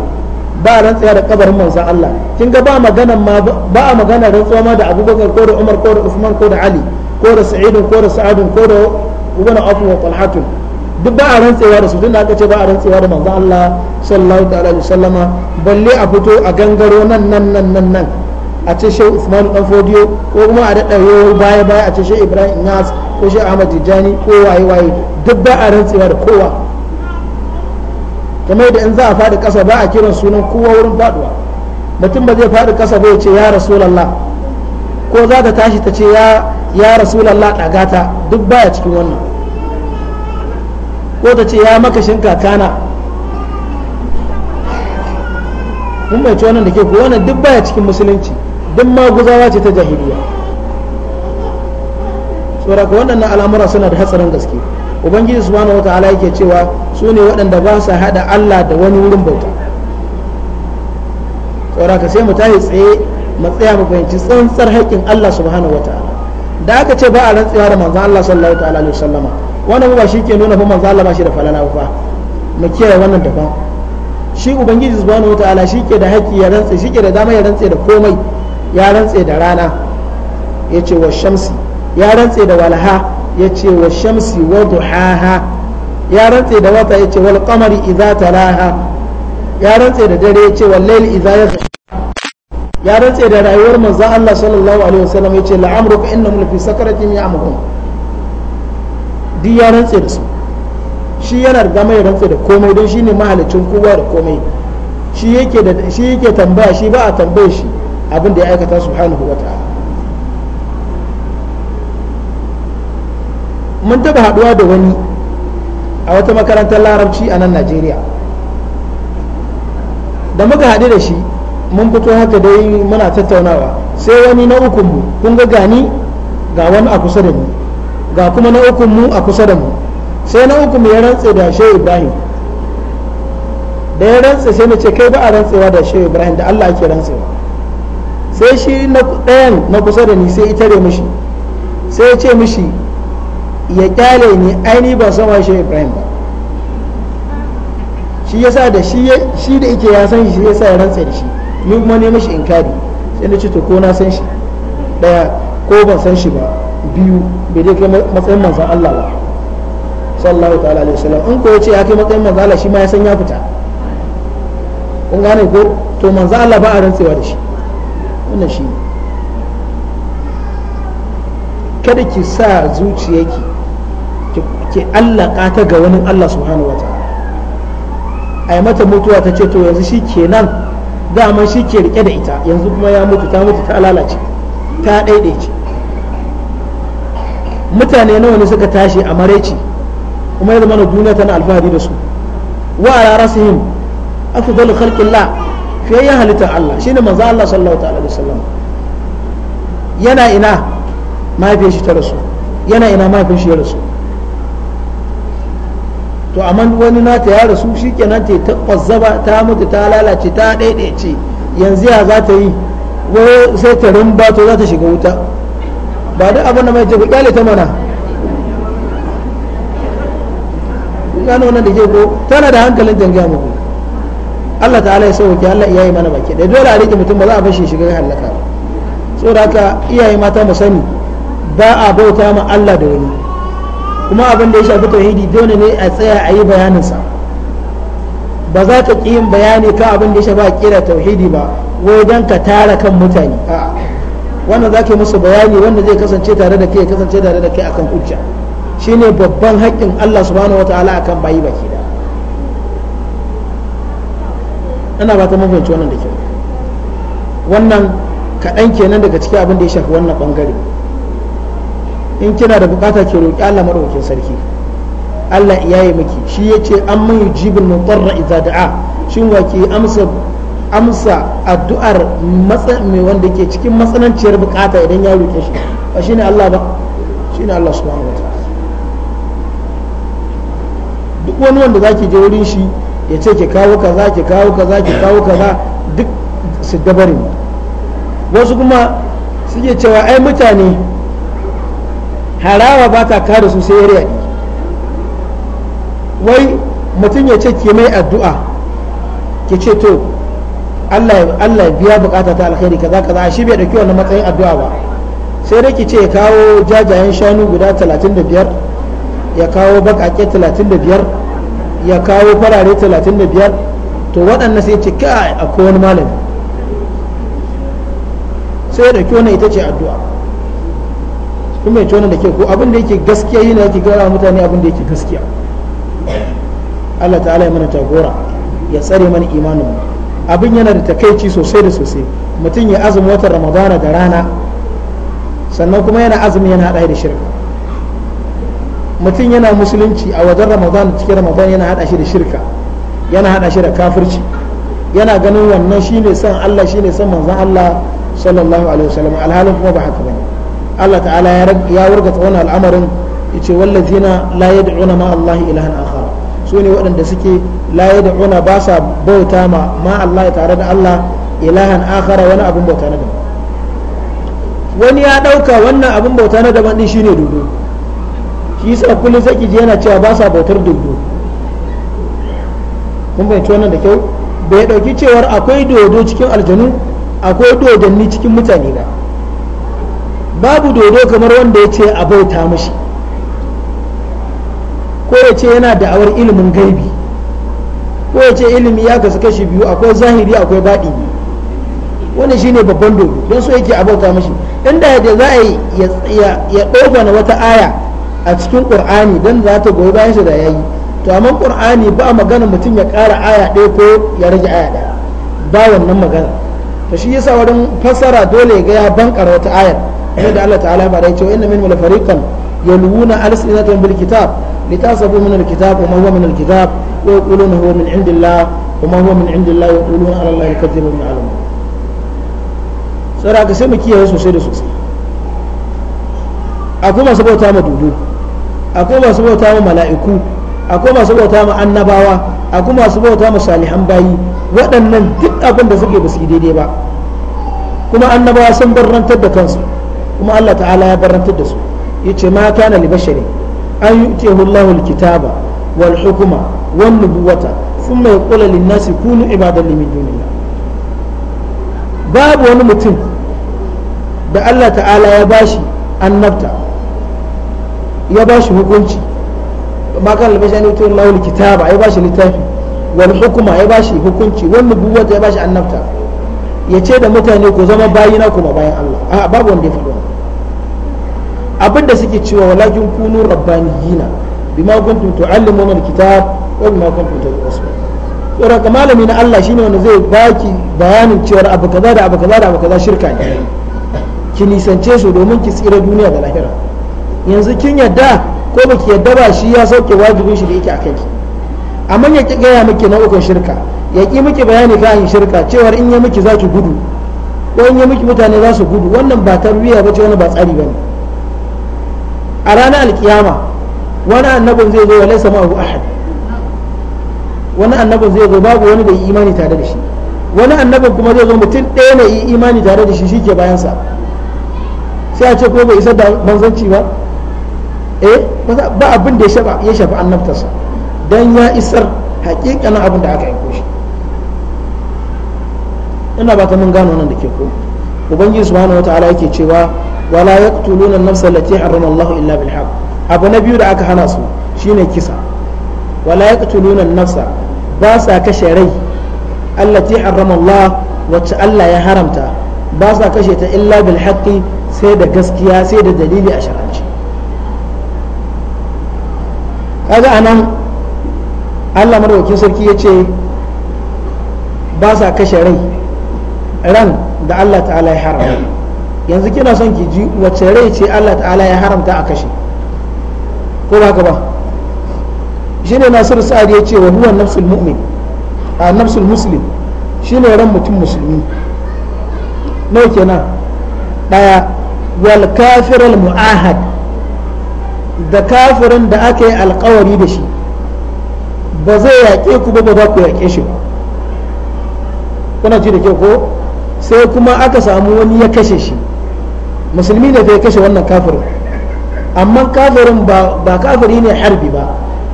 [SPEAKER 1] ba a rantsewa da kabarin manzo Allah kin ga ba magana ma ba a magana rantsuwa ma da Abubakar ko da Umar ko da Uthman ko da Ali ko da Sa'id ko da Sa'ad ko da Ibn Abu wa Talhatun duk ba a rantsewa da su tunda aka ce ba a rantsewa da manzo Allah sallallahu alaihi wasallama balle a fito a gangaro nan nan nan nan nan a ce shehu usman dan fodiyo ko kuma a daɗa yawar baya baya a ce shehu ibrahim nas ko shehu ahmad tijjani ko waye waye duk ba a rantsewa da kowa kamar da in za a faɗi ƙasa ba a kiran sunan kowa wurin faɗuwa mutum ba zai faɗi ƙasa ba ya ce ya rasulallah ko za ta tashi ta ce ya rasulallah ɗaga dagata duk baya cikin wannan ko ta ce ya makashin kakana mun bai ci wannan da ke ko wannan duk baya cikin musulunci duk maguzawa ce ta jahiliya saboda waɗannan al'amura suna da hatsarin gaske ubangiji subhanahu wataala yake cewa su ne waɗanda ba sa haɗa Allah da wani wurin bauta saboda ka sai mu tashi tsaye mu tsaya mu fahimci tsantsar haƙƙin Allah subhanahu wataala da aka ce ba a rantsewa da manzo Allah sallallahu ta'ala alaihi wasallama wannan ba shi ke nuna fa manzan Allah ba shi da falala ba mu kiyaye wannan daban shi ubangiji subhanahu wataala shi ke da haƙƙi ya rantse shi ke da dama ya rantse da komai ya rantse da rana ya ce wa shamsi ya rantse da walha ya ce wa shamsi wa duhaha ya rantse da wata ya ce wal qamari idza talaha ya rantse da dare ya ce wal layli idza yaghsha ya rantse da rayuwar manzo Allah sallallahu alaihi wasallam ya ce la'amruka innahum fi sakaratin ya'mahun Di ya rantse da su shi yana riga mai rantse da komai don shine mahalicin kowa da komai shi yake tambaya shi ba a tambaye shi abin da ya aikata subhanahu wa ta'ala mun taba haduwa da wani a wata makarantar larabci a nan najeriya da muka haɗu da shi mun fito haka da dai muna tattaunawa sai wani na ukunmu kun ga gani ga wani a kusa da mu ga kuma na ukunmu a kusa da mu sai na ukunmu ya rantse da shehu ibrahim da ya rantse sai na ce kai ba a rantsewa da shehu ibrahim da allah ake rantsewa sai shi na ɗayan na kusa da ni sai ita da mishi sai ya ce mishi ya kyale ni aini ban san wa shi ibrahim ba shi ya sa da shi da ike ya san shi sa ya rantsa da shi ni kuma ne mishi inkari sai na ce to ko na san shi ɗaya ko ban san shi ba biyu bai dai kai matsayin manzon Allah ba sallallahu ta'ala alaihi wasallam in ko yace ya kai matsayin manzon Allah shi ma ya san ya fita kun gane ko to manzon Allah ba a rantsewa da shi wannan shi ne kada ki sa zuciyarki ki allaka ta ga wani Allah subhanahu wa ta'ala ai mata mutuwa ta ce to yanzu shi kenan dama shi ke rike da ita yanzu kuma ya mutu ta mutu ta lalace ta daidaice mutane nawa ne suka tashi a mareci kuma ya zama duniya tana alfahari da su wa ala rasihim afdalu khalqillah fiyayyen halittar Allah shine manzo Allah sallallahu ta'ala da sallam yana ina mafi shi ta rasu yana ina mafi shi ya rasu to amma wani nata ya rasu shi kenan ta ta kwazzaba ta mutu ta lalace ta ce yanzu ya za ta yi wai sai ta rumba to za ta shiga wuta ba duk abin da mai ce ku kyale ta mana gano wannan da ke ko tana da hankalin jangya muku Allah ta'ala ya sauke Allah iyaye mana baki da dole a rike mutum ba za a bar shi shiga halaka ba So da haka iyaye mata mu sani ba a bauta ma Allah da wani kuma abin da ya shafi tauhidi dole ne a tsaya a yi bayanin sa ba za ka ƙi yin bayani ka abin da ya shafi kira tauhidi ba wai dan ka tara kan mutane a wannan za ka yi musu bayani wanda zai kasance tare da kai kasance tare da kai akan hujja shine babban haƙƙin Allah subhanahu wataala akan bayi baki da ana ba ta mafiyanci wannan da kyau wannan kaɗan kenan daga cikin abin da ya shafi wannan ɓangare in kina da bukata ke roƙi Allah maɗaukakin sarki Allah ya yi miki shi ya ce an man yujibul mutarra idza da'a shi wa ke amsa amsa addu'ar mai wanda ke cikin matsananciyar bukata idan ya roƙe shi ba ne Allah ba shi ne Allah subhanahu wa ta'ala duk wani wanda zaki je wurin shi ya ce ki kawo kaza ki kawo kaza ki kawo kaza duk su dabari wasu kuma suke cewa ai mutane harawa ba ta kare su sai ya wai mutum ya ce ki mai addu'a ki ce to Allah biya bukata ta alkhairi kaza kaza shi bai dauki wannan matsayin addu'a ba sai dai ki ce ya kawo jajayen shanu guda 35 ya kawo bakake 35 ya kawo farare 35 to waɗanda sai ce kai a wani malami sai da kyona ita ce addu'a kuma ya kyona da ke ko abin da yake gaskiya yi na yake gara mutane abin da yake gaskiya Allah ta'ala ya mana tagora ya tsare mana imanin mu abin yana da takaici sosai da sosai mutum ya azumi watan ramadana da rana sannan kuma yana azumi yana haɗa da shirka mutum yana musulunci a wajen ramadan cikin ramadan yana hada shi da shirka yana hada shi da kafirci yana ganin wannan shine son Allah shine son manzon Allah sallallahu alaihi wasallam alhalin kuma ba haka bane Allah ta'ala ya wargata tsawon al'amarin yace wallazina la yad'una ma Allah ilahan akhar su ne waɗanda suke la yad'una ba sa bauta ma ma Allah tare da Allah ilahan akhar wani abin bauta na daban wani ya dauka wannan abin bauta na daban din shine dodo shi yasa kullum sai ki ji yana cewa ba sa bautar dodo kun bai wannan da kyau bai dauki cewar akwai dodo cikin aljanu akwai dodanni cikin mutane ba babu dodo kamar wanda ya ce a bauta mashi ko ya ce yana da'awar ilimin gaibi ko ya ce ilimi ya kasu kashi biyu akwai zahiri akwai baɗi wani shine babban dodo don so yake a bauta mashi inda yadda za a yi ya ɗogana wata aya a cikin qur'ani dan za ta goyi bayan shi da yayi to amma qur'ani ba magana mutum ya ƙara aya ɗaya ko ya rage aya ɗaya ba wannan magana to shi yasa wurin fasara dole ga ya bankar wata ayar da Allah ta'ala ba da ya ce inna minhum la fariqan yalwuna alsinatahum bil kitab litasabu min al kitab wa ma huwa min al kitab wa yaquluna huwa min indillah wa ma huwa min indillah wa yaquluna ala allahi kadhibun alam sai ka sai mu kiyaye sosai da sosai a kuma bauta ma dudu akwai masu bauta ma mala'iku akwai masu bauta ma annabawa akwai masu bauta ma salihan bayi waɗannan duk abin da suke ba su daidai ba kuma annabawa sun barrantar da kansu kuma Allah ta'ala ya barrantar da su yace ma kana li basharin an yu'tihu Allahu al-kitaba wal hukuma wan nubuwata thumma yaqulu lin-nasi kunu ibadan li min dunillah babu wani mutum da Allah ta'ala ya bashi annabta ya ba shi hukunci ba kan labe shi ne to lawul ba ya ba shi littafi wani hukuma ya ba shi hukunci wani buwata ya ba shi annabta ya ce da mutane ku zama bayina kuma bayan Allah a babu wanda ya faɗi abin da suke cewa walakin kunu rabbaniyina bima kuntum tu'allimuna alkitab wa bima kuntum tadrusun saboda ka malami na Allah shine wanda zai baki bayanin cewa abu kaza da abu kaza da abu kaza shirka ne ki nisance su domin ki tsira duniya da lahira yanzu kin yadda ko baki yadda ba shi ya sauke wajibin shi da yake akan ki amma ya ki gaya miki na ukun shirka ya ki miki bayani kan shirka cewar in ya miki za ki gudu ko in ya miki mutane za su gudu wannan ba tarbiyya ba ce wani ba tsari ba ne a ranar alkiyama wani annabin zai zo walai sama abu ahad wani annabin zai zo babu wani da yi imani tare da shi wani annabin kuma zai zo mutum ɗaya na yi imani tare da shi shi ke bayansa sai a ce ko bai isa da manzanci ba eh ba abin da ya shafi annabtarsa don ya isar hakikanin abin da aka aiko shi ina ba ta mun gano nan da ke ko ubangiji subhanahu wataala yake cewa wala yaqtuluna an-nafsa allati harrama Allah illa bil haqq abu na biyu da aka hana su shine kisa wala yaqtuluna an-nafsa ba sa kashe rai allati harrama Allah wacce Allah ya haramta ba sa kashe ta illa bil haqqi sai da gaskiya sai da dalili a shar'anci kaga anan Allah madaukakin sarki ya ce ba sa kashe rai ran da Allah ta'ala ya haramta yanzu kina son ki ji wacce rai ce Allah ta'ala ya haramta a kashe ko ba ka ba ne Nasir Sa'ad ya ce wa huwa nafsul mu'min a nafsul muslim shine ran mutum musulmi nawa kenan daya wal kafir mu'ahad da kafirin da aka yi alkawari da shi ba zai yaƙe ku ba ba za ku yaƙe shi ba kuna ji da ke ko sai kuma aka samu wani ya kashe shi musulmi ne zai kashe wannan kafirin amma kafirin ba kafiri ne harbi ba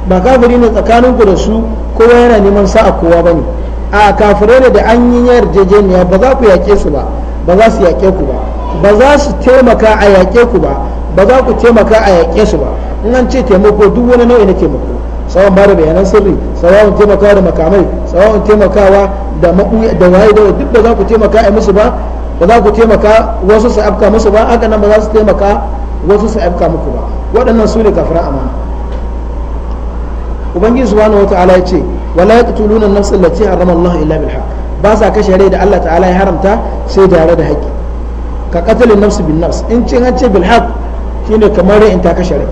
[SPEAKER 1] ba kafiri ne tsakaninku da su kowa yana neman sa'a kowa ba ne a kafirai ne da an yi yarjejeniya ba za ku yaƙe su ba ba za su yaƙe ku ba ba za su taimaka a yaƙe ku ba ba za ku taimaka a yaƙe su ba in an ce taimako duk wani nau'i na taimako sawan ba da bayanan sirri sawan taimakawa da makamai sawan taimakawa da maɓuya da waye da duk ba za ku taimaka a musu ba ba za ku taimaka wasu su afka musu ba haka nan ba za su taimaka wasu su afka muku ba waɗannan su ne kafiran amana ubangiji subhanahu wataala ya ce wala yaqtuluna an-nafs allati harrama Allah illa bil haqq ba sa kashe rai da Allah ta'ala ya haramta sai da da haƙƙi ka qatlin nafs bin nafs in cin an ce bil haqq shine kamar in ta kashe rai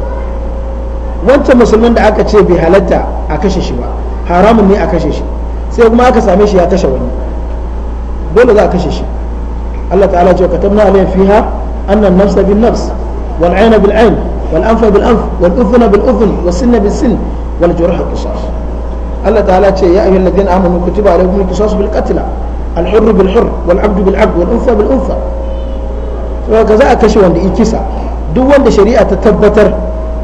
[SPEAKER 1] wancan musulmin da aka ce bai halatta a kashe shi ba haramun ne a kashe shi sai kuma aka same shi ya kashe wani dole za a kashe shi Allah ta'ala ce katabna alayhi fiha annan nafsa bin nafs wal ayna bil ayn wal anfa bil anf wal udhna bil udhn was sinna bis sin wal jurha qisas Allah ta'ala ce ya ayyuhal ladina amanu kutiba alaykum al-qisas bil qatl al hurr bil hurr wal 'abdu bil 'abd wal unfa bil unfa kaza a kashe wanda ikisa duk wanda shari'a ta tabbatar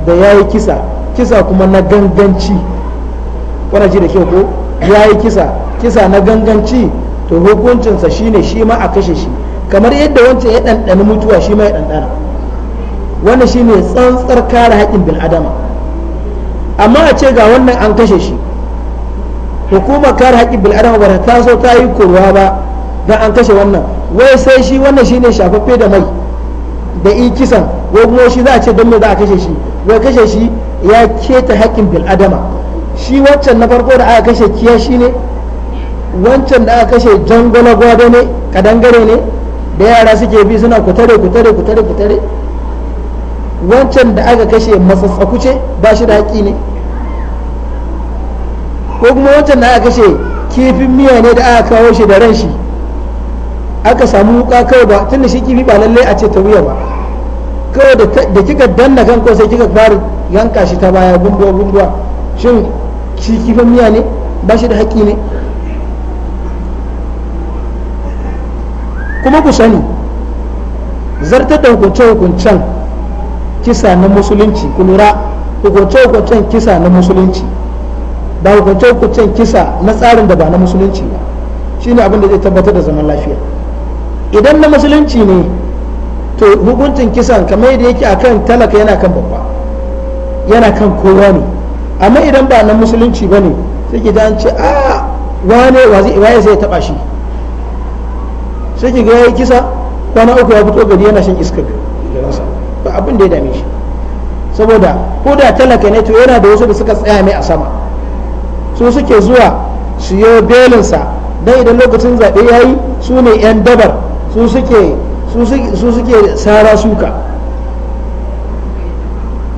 [SPEAKER 1] da ya yi kisa kisa kuma na ganganci wani ji da kyau ko ya yi kisa kisa na ganganci to hukuncinsa ne shi ma a kashe shi kamar yadda wancan ya ɗanɗani mutuwa shi ma ya ɗanɗana wannan ne tsantsar kare haƙƙin bil'adama amma a ce ga wannan an kashe shi hukuma kare haƙƙin bil'adama ba ta so ta yi kurwa ba don an kashe wannan wai sai shi wannan shine shafaffe da mai da yi kisan wai kuma shi za a ce don me za a kashe shi wai kashe shi ya keta haƙƙin bil'adama shi wancan na farko da aka kashe kiya shi ne wancan da aka kashe jangwala gwada ne kadangare ne da yara suke bi suna kutare kutare kutare kutare wancan da aka kashe matsatsaku ce ba shi da haƙƙi ne ko kuma wancan da aka kashe kifin miya ne da aka kawo shi da ran shi aka samu wuka kawai ba tunda shi kifi ba lallai a ce ta wuya ba kawai da kika danna kanko sai kika fara yanka shi ta baya gunduwa gunduwa shin shi kifin miya ne ba shi da haƙƙi ne kuma ku sani zartar da hukunce-hukuncen kisa na musulunci ku lura hukunce-hukuncen kisa na musulunci ba hukunce-hukuncen kisa na tsarin da ba na musulunci ba shine abin da zai tabbatar da zaman lafiya idan na musulunci ne to hukuncin kisan kamar yadda yake kan talaka yana kan babba yana kan kowa ne amma idan ba na musulunci ba ne sai ki an ce a ah, wane waye zai taba shi sai ki ga yayi kisa kwana uku ya fito gari yana shan iskar ba abin da ya dame shi saboda ko da talaka ne to yana da wasu da suka tsaya mai a sama su suke zuwa su yi belinsa don idan lokacin zaɓe ya yi su ne 'yan dabar su suke su sara suka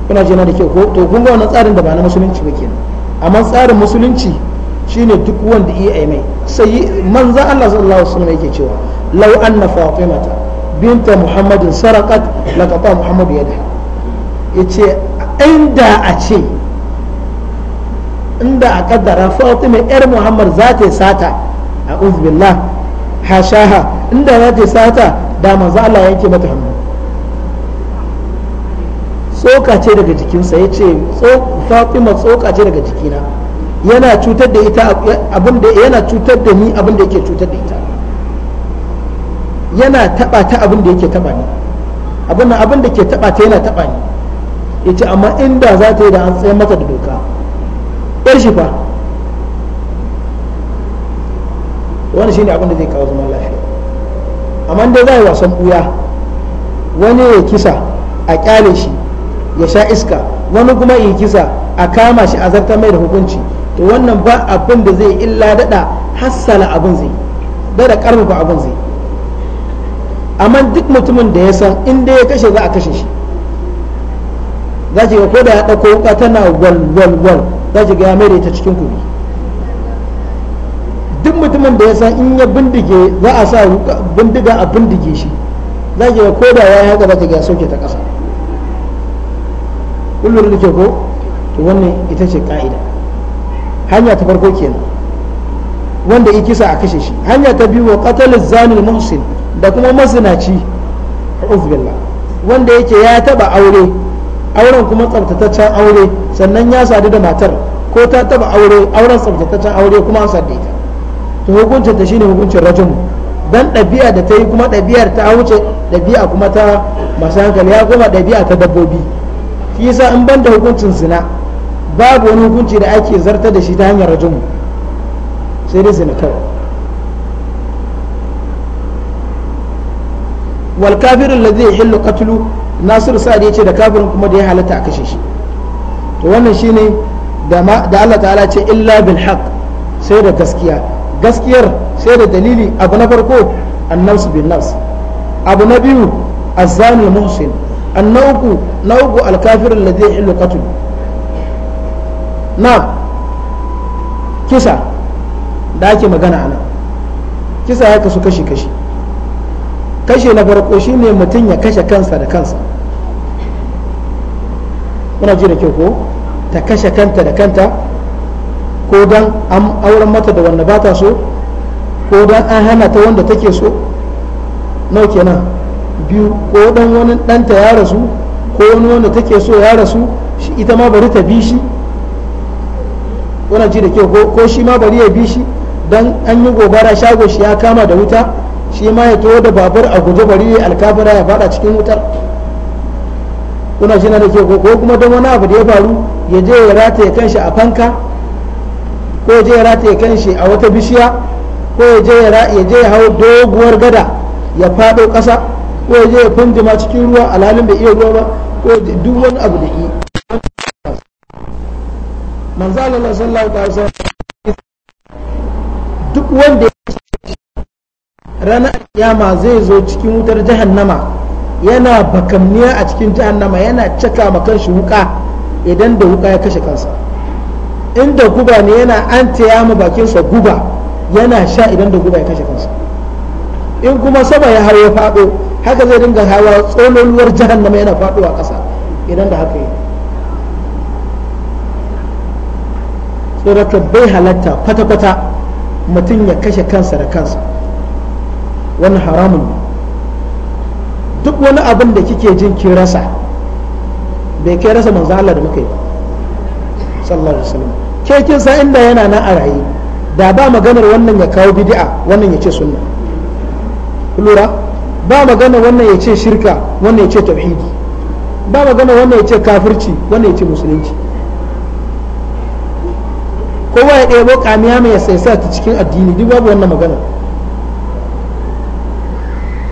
[SPEAKER 1] kuna jina da kyau to kun ga wannan tsarin da ba na musulunci ba kenan amma tsarin musulunci shine duk wanda iya ai mai sai manzo Allah sallallahu alaihi wasallam yake cewa law anna fatimata binta muhammadin sarakat laqata muhammadu yada yace inda a ce inda a kaddara fatima yar muhammad za ta sata a'udhu uzbillah hashaha inda na je sata da manzo Allah ya yanke mata hannu tsoka ce daga jikinsa ya ce fatima tsoka ce daga jikina yana cutar da ita da yana cutar da ni da yake cutar da ita yana taba ta abin da yake taba ni abin abinda ke taba ta yana taba ni yace amma inda za ta yi da an tsaye mata da doka ɗan shi fa wani shine abin da zai kawo zaman lafiya amma dai za wasan buya wani ya kisa a kyale shi ya sha iska wani kuma ya kisa a kama shi a zartar mai da hukunci to wannan ba abin da zai illa dada hassala abin zai dada karfafa abin zai amma duk mutumin da ya san inda ya kashe za a kashe shi za ki ga ko da ya ɗauko wuka tana walwalwal za ki ga ya mai da ita cikin kuɗi duk mutumin da ya san in ya bindige za a sa bindiga a bindige shi za ki ga ko da ya haka za ta ga sauke ta ƙasa kullum da ke ko to wannan ita ce ka'ida hanya ta farko kenan wanda ya kisa a kashe shi hanya ta biyu wa qatalul zanen muhsin da kuma mazinaci billah wanda yake ya taba aure auren kuma tsabtataccen aure sannan ya sadu da matar ko ta taba aure auren tsabtataccen aure kuma an sadu ita to hukuncin ta shine hukuncin rajin dan ɗabi'a da ta yi kuma ɗabi'ar ta wuce ɗabi'a kuma ta masu hankali ya koma ɗabi'a ta dabbobi shi yasa in ban da hukuncin zina babu wani hukunci da ake zartar da shi ta hanyar rajin sai dai zina kawai wal kafirin da zai hillu katulu nasiru sa'ad ya ce da kafirin kuma da ya halatta a kashe shi to wannan shine da Allah ta'ala ce illa bil haqq sai da gaskiya gaskiyar sai da dalili abu na farko annas bin nas abu na biyu azani muhsin an nauku na uku alkafir alladhi yahillu qatl na kisa da ake magana anan kisa ya kasu kashi kashi kashe na farko shine mutum ya kashe kansa da kansa kuna ji da kyau ko ta kashe kanta da kanta ko dan an auren mata da wanda bata so ko dan an hana ta wanda take so nau kenan biyu ko dan wani ɗanta ya rasu ko wani wanda take so ya rasu shi ita ma bari ta bi shi wannan ji da kyau ko shi ma bari ya bi shi dan an yi gobara shago shi ya kama da wuta shi ma ya to da babur a guje bari ya alkabara ya fada cikin wutar kuna shi na da kyau ko kuma dan wani abu da ya faru ya je ya rata ya shi a fanka ko ya je ya rataye kan shi a wata bishiya ko ya je ya hau doguwar gada ya fado kasa ko ya je ya fundima cikin ruwa alhalin bai iya ruwa ba ko duk wani abu da yi manzo Allah sallallahu alaihi wasallam duk wanda ya ranar kiyama zai zo cikin wutar jahannama yana bakamniya a cikin jahannama yana caka ma kanshi wuka idan da wuka ya kashe kansa inda guba ne yana an taya ma sa guba yana sha idan da guba ya kashe kansa in kuma sama ya hau ya faɗo haka zai dinga hawa tsololuwar jahannama yana a ƙasa idan da haka yi tsoraka bai halatta kwata-kwata mutum ya kashe kansa da kansa wani haramun ne duk wani abin da kike jin ki rasa bai kai rasa manzo Allah da muka yi ba sallallahu alaihi wasallam ke kin san inda yana nan a raye da ba maganar wannan ya kawo bid'a wannan ya ce sunna lura ba maganar wannan ya ce shirka wannan ya ce tauhidi ba maganar wannan ya ce kafirci wannan ya ce musulunci kowa ya ɗebo kamiya mai ya sa ta cikin addini duk babu wannan maganar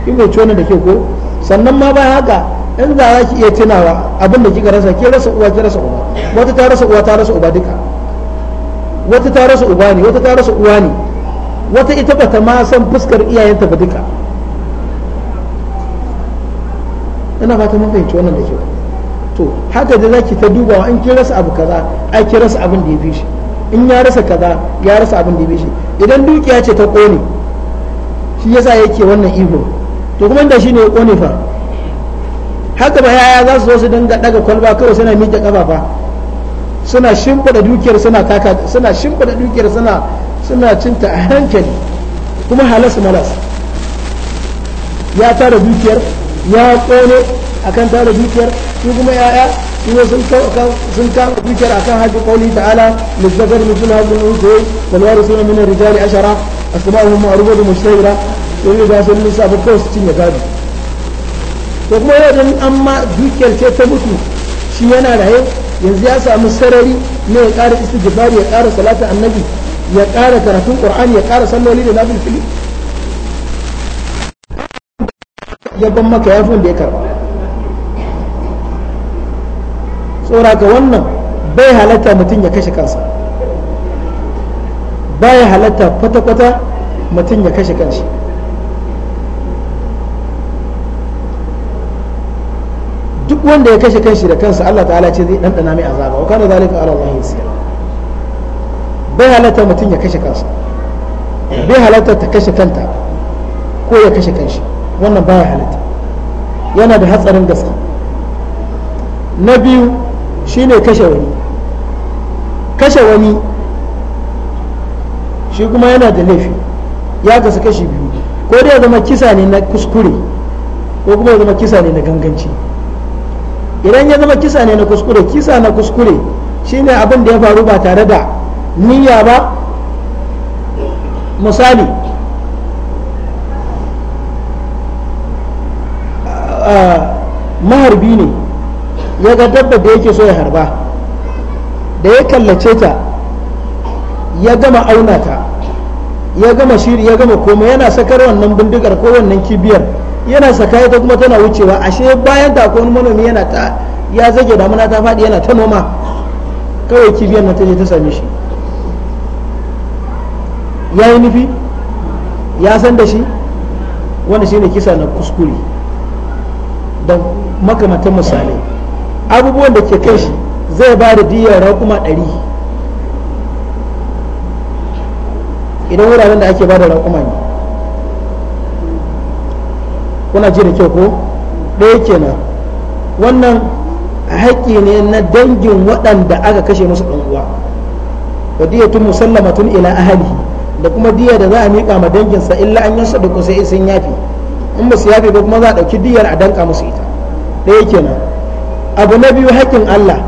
[SPEAKER 1] in bai tona da ke ko sannan ma ba haka in za ki iya tunawa abin da kika rasa ke rasa uwa ki rasa uba wata ta rasa uwa ta rasa uba duka wata ta rasa uba ne wata ta rasa uwa ne wata ita bata ma san fuskar iyayenta ba duka ina fata mun fahimci wannan da ke to haka da zaki ta duba in kin rasa abu kaza ai kin rasa abin da ya fi shi in ya rasa kaza ya rasa abin da ya fi shi idan dukiya ce ta kone shi yasa yake wannan ihu to kuma da shi ne ya kone fa haka ba yaya za su zo su dinga daga kwalba kawai suna miƙe kafafa suna shimfida dukiyar suna taka suna shimfida dukiyar suna suna cinta a hankali kuma halas malas ya tara dukiyar ya kone akan tara dukiyar su kuma ya'ya su sun sun kama dukiyar akan haƙi qauli ta'ala lizzakar mithl hadhihi al-unsay wal suna min ar-rijali ashara asma'uhum ma'rufatun mushtahira sai da sun nisa ba kawai su cinye gadi To kuma yau dan amma dukiyar ce ta mutu shi yana da yau yanzu ya samu sarari ne ya ƙara jibari ya ƙara salatu annabi ya ƙara karatun ƙur'ani ya ƙara salloli da nafil fili ya ban maka ya da ya karba tsora ga wannan bai halatta mutum ya kashe kansa bai halatta kwata-kwata mutum ya kashe kansa duk wanda ya kashe kanshi da kansa Allah ta'ala ce zai ɗanɗana mai azaba wa kana zalika ala Allah yasir bai halatta mutum ya kashe kansa bai halatta ta kashe kanta ko ya kashe kanshi wannan baya halatta yana da hatsarin gaske na biyu shine kashe wani kashe wani shi kuma yana da laifi ya gasa kashe biyu ko dai ya zama kisa ne na kuskure ko kuma ya zama kisa ne na ganganci idan ya zama kisa ne na kuskure kisa na kuskure shine abin da ya faru ba tare da niyya ba misali maharbi ne ya ga dabba da yake so ya harba da ya kallace ta ya gama auna ta ya gama shiri ya gama koma yana sakar wannan bindigar ko wannan kibiyar yana saka ita kuma tana wucewa ashe bayan ta wani manomi yana ta ya zage damuna ta faɗi yana ta noma kawai kibiyar na ta je ta same shi ya yi nufi ya san da shi wanda shine kisa na kuskure da makamantan misalai abubuwan da ke kai shi zai ba da diyar raƙuma ɗari idan wuraren da ake ba da raƙuma ne kuna ji da kyau ko ɗaya kenan wannan haƙƙi ne na dangin waɗanda aka kashe musu ɗan uwa wa diyatun musallamatun ila ahlihi da kuma diya da za a miƙa ma danginsa illa an yansa da sai sun yafi in ba su yafi ba kuma za a ɗauki diyar a danka musu ita ɗaya kenan abu na biyu haƙƙin Allah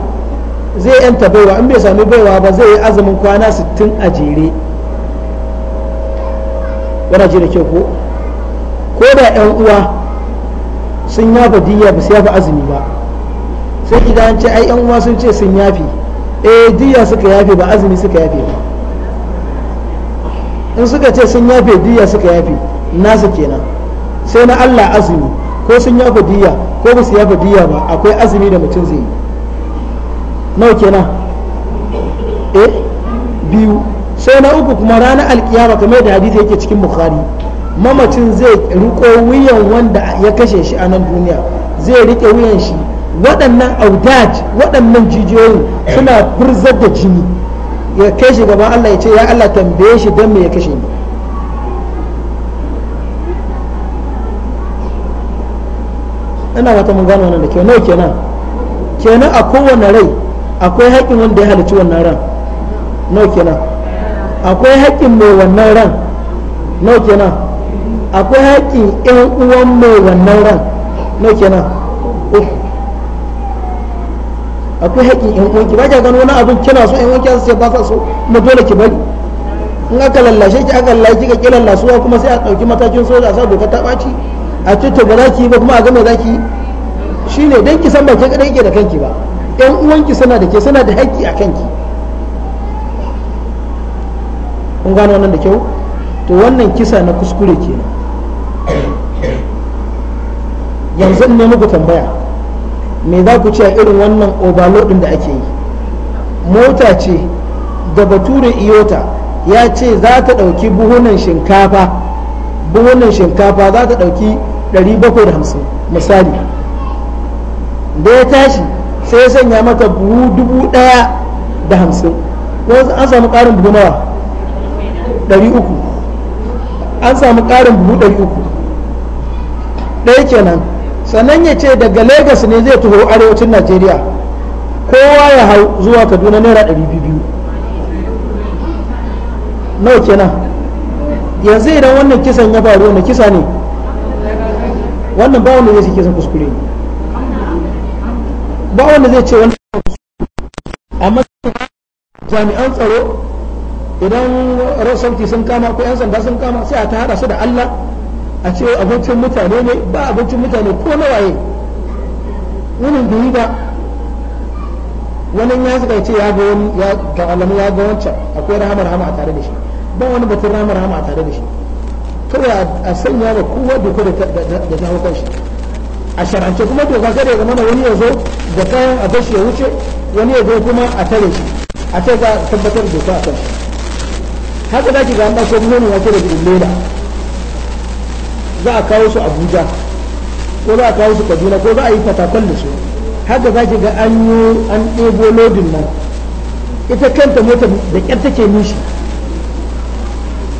[SPEAKER 1] zai yanta baiwa in bai sami baiwa ba zai yi azumin kwana 60 a jere wani ji da kyau ko ko da 'yan uwa sun yafa diya ba su yafa azumi ba sai idan an ce ai yan uwa sun ce sun yafi eh diya suka yafe ba azumi suka yafe ba in suka ce sun yafe diya suka yafe nasu kenan sai na Allah azumi ko sun yafa diya ko ba su yafa diya ba akwai azumi da mutum zai yi nawa kenan eh biyu sai na uku kuma ranar alkiyama kamar da hadisi yake cikin bukhari mamacin zai riko wuyan wanda ya kashe shi a nan duniya zai rike wuyan shi waɗannan audaj waɗannan jijiyoyin suna furzar da jini ya kai shi gaban Allah ya ce ya Allah tambaye shi don me ya kashe ni ina wata mun gano wannan da kyau nawa kenan kenan a kowane rai akwai haƙƙin wanda ya halicci wannan ran nawa kenan akwai haƙƙin mai wannan ran nawa kenan akwai haƙƙin yan uwan mai wannan ran na kenan akwai haƙƙin yan uwan ki ba ki gano wani abin kina so yan uwan ki sai ba sa so kuma dole ki bari in aka lallashe ki aka lallashe ki ka ki lallasuwa kuma sai a ɗauki matakin soja a sa doka ta ɓaci a ce to ba za ki yi ba kuma a ga za ki yi shine dan ki san ba ke kadai ke da kanki ba yan ki suna da ke suna da haƙƙi a kanki kun gano wannan da kyau to wannan kisa na kuskure kenan yanzu ne muku tambaya me za ku ce a irin wannan overloading da ake yi mota ce da bature iota ya ce za ta ɗauki buhunan shinkafa buhunan shinkafa za ta ɗauki 750 misali da ya tashi sai ya sanya maka buhu dubu ɗaya da hamsin an samu ƙarin buhu nawa 300 an samu ƙarin buhu ɗari uku ɗaya kenan sannan ya ce daga lagos ne zai taho arewacin najeriya kowa ya hau zuwa kaduna naira 200 nawa kenan yanzu idan wannan kisan ya faru wanda kisa ne wannan ba wanda zai ce kisan kuskure ne ba wanda zai ce wannan amma jami'an tsaro idan rasauti sun kama ko 'yan sanda sun kama sai a ta hada su da allah a ce abincin mutane ne ba abincin mutane ko na waye wani da yi ba wani ya suka ce ya ga wani ya ga alamu ya ga wancan akwai rahama rahama a tare da shi ba wani batun rahama rahama a tare da shi kawai a sanya da kowa doka da ta hukun shi a sharance kuma doka kada ya zama wani ya zo da kayan a bashi ya wuce wani ya zo kuma a tare shi a ce za a tabbatar doka a kan shi haka za ki ga an ko nonon wake da gudun leda za a kawo su abuja ko za a kawo su kaduna ko za a yi fatakon da su haka za ki ga an yi an ɗebo lodin nan ita kanta motar da ƙyar take nishi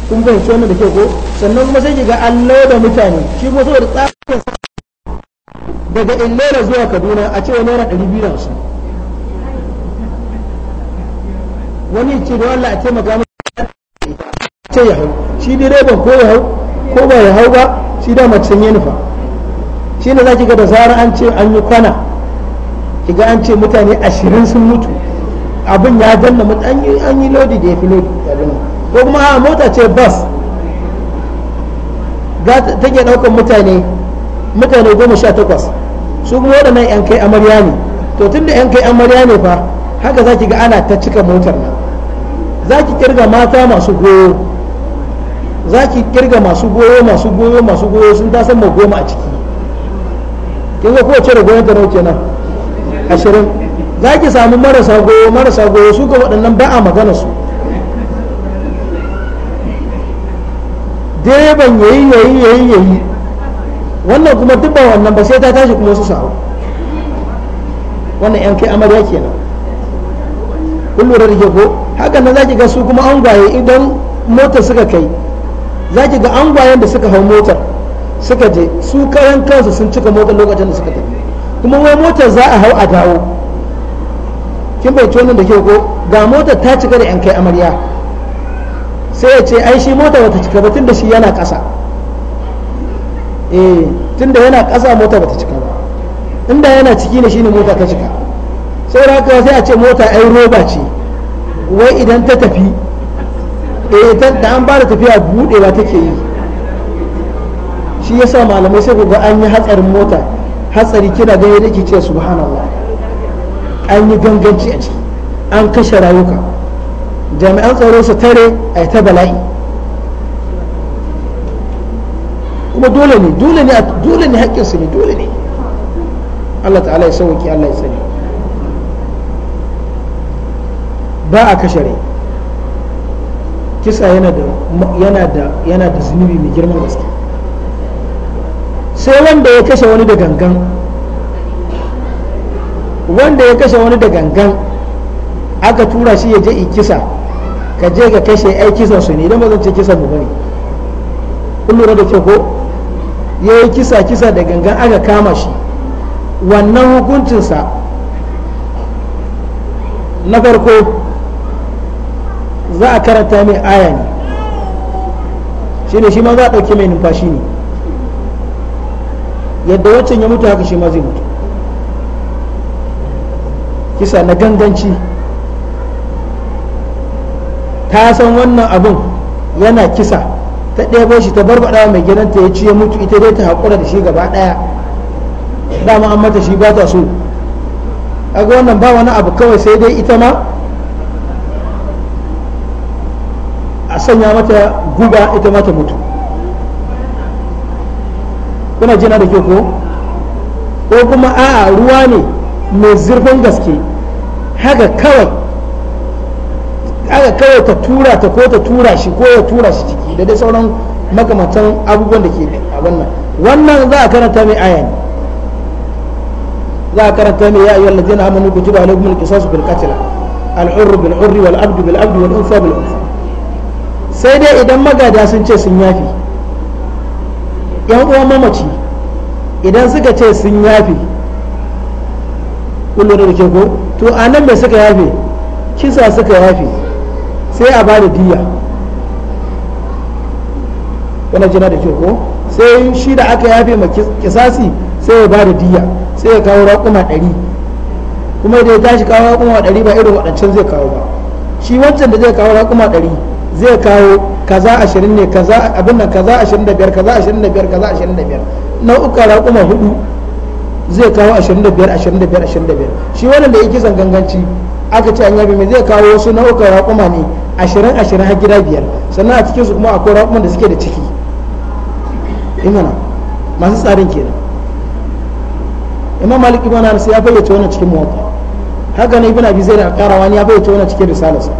[SPEAKER 1] kun fahimci wannan da ke ko sannan kuma sai ki ga an loda mutane shi kuma saboda tsarin daga illera zuwa kaduna a cewa naira ɗari biyu da wani ce da wallah a taimaka mai ce ya hau shi direban ko ya hau ko ba ya hau ba shi da mace ya nufa shi ne za ki ga da zarar an ce an yi kwana ki ga an ce mutane ashirin sun mutu abin ya danna an yi lodi da ya fi lodi ko kuma a mota ce bas take daukan mutane mutane goma sha takwas su kuma waɗannan yan kai amarya ne to tunda da yan kai amarya ne fa haka za ki ga ana ta cika motar nan za ki kirga mata masu goyo za ki kirga masu goyo masu goyo masu goyo sun ta san goma a ciki kin ga kowace da goyon ta nau kenan ashirin za ki samu marasa goyo marasa goyo su ga waɗannan ba a magana su direban yayi yayi yayi yayi wannan kuma duk ba wannan ba sai ta tashi kuma su sawo wannan yan kai amarya kenan kun lura da ke ko hakan nan za ki ga su kuma an gwaye idan motar suka kai za ki ga angwayen da suka hau motar suka je su karan kansu sun cika motar lokacin da suka tafi kuma wai motar za a hau a dawo kin bai wannan da ke ko ga motar ta cika da yan kai amarya sai ya ce ai shi motar bata cika ba tunda shi yana ƙasa eh tunda yana ƙasa motar bata cika ba inda yana ciki ne shine mota ta cika sai haka sai a ce mota ai roba ce wai idan ta tafi eh da an ba da tafiya budewa take yi shi ya sa malamai sai ga an yi hatsarin mota hatsari kina ga yadda ke ce subhanallah an yi ganganci a ciki an kashe rayuka jami'an tsaro su tare a ta bala'i kuma dole ne dole ne dole ne haƙƙinsu ne dole ne Allah ta'ala ya sauki Allah ya sani ba a kashe rai kisa yana da zunubi mai girman gaske sai wanda ya kashe wani da gangan wanda ya kashe wani da gangan aka tura shi ya je in kisa ka je ka kashe ai kisan su ne idan ba zan ce kisan mu bane kun lura da kyau ko ya yi kisa kisa da gangan aka kama shi wannan hukuncinsa na farko za a karanta mai aya ne shi ne shi ma za a ɗauki mai numfashi ne yadda waccan ya mutu haka shi ma zai mutu kisa na ganganci ta san wannan abin yana kisa ta ɗebo shi ta barbaɗa mai gidanta ya ci ya mutu ita dai ta haƙura da shi gaba ɗaya dama an mata shi ba ta so ga wannan ba wani abu kawai sai dai ita ma sanya mata guba ita ma mutu kuna jina da ke ko ko kuma a'a ruwa ne mai zurfin gaske haka kawai haka kawai ta tura ta ko ta tura shi ko ya tura shi ciki da dai sauran abubuwan da ke a wannan wannan za a karanta mai aya ne za a karanta mai ya ayyuhal ladina amanu kutiba alaykumul qisasu bil qatl al bil hurr wal abdu bil abdu wal unsa bil unsa sai dai idan magada sun ce sun yafi yan uwan mamaci idan suka ce sun yafi kullum da ke ko to a nan mai suka yafe kisa suka yafe sai a ba da diya wani jina da ke ko sai shi da aka yafe ma kisasi sai ya ba da diya sai ya kawo raƙuma ɗari kuma da ya tashi kawo raƙuma ɗari ba irin waɗancan zai kawo ba shi wancan da zai kawo raƙuma ɗari zai kawo kaza ashirin ne kaza abin nan kaza ashirin da biyar kaza ashirin da biyar kaza ashirin da biyar nau'uka raƙuma hudu zai kawo ashirin da biyar ashirin da biyar ashirin da biyar shi wannan da ya kisan ganganci aka ce an yabi mai zai kawo wasu nau'uka raƙuma ne ashirin ashirin har gida biyar sannan a cikin su kuma akwai raƙuman da suke da ciki imana masu tsarin kenan imam malik ibn anas ya fayyace wannan cikin muwatta haka ne ibn abi zaid al-qarawani ya fayyace wannan cikin risalarsa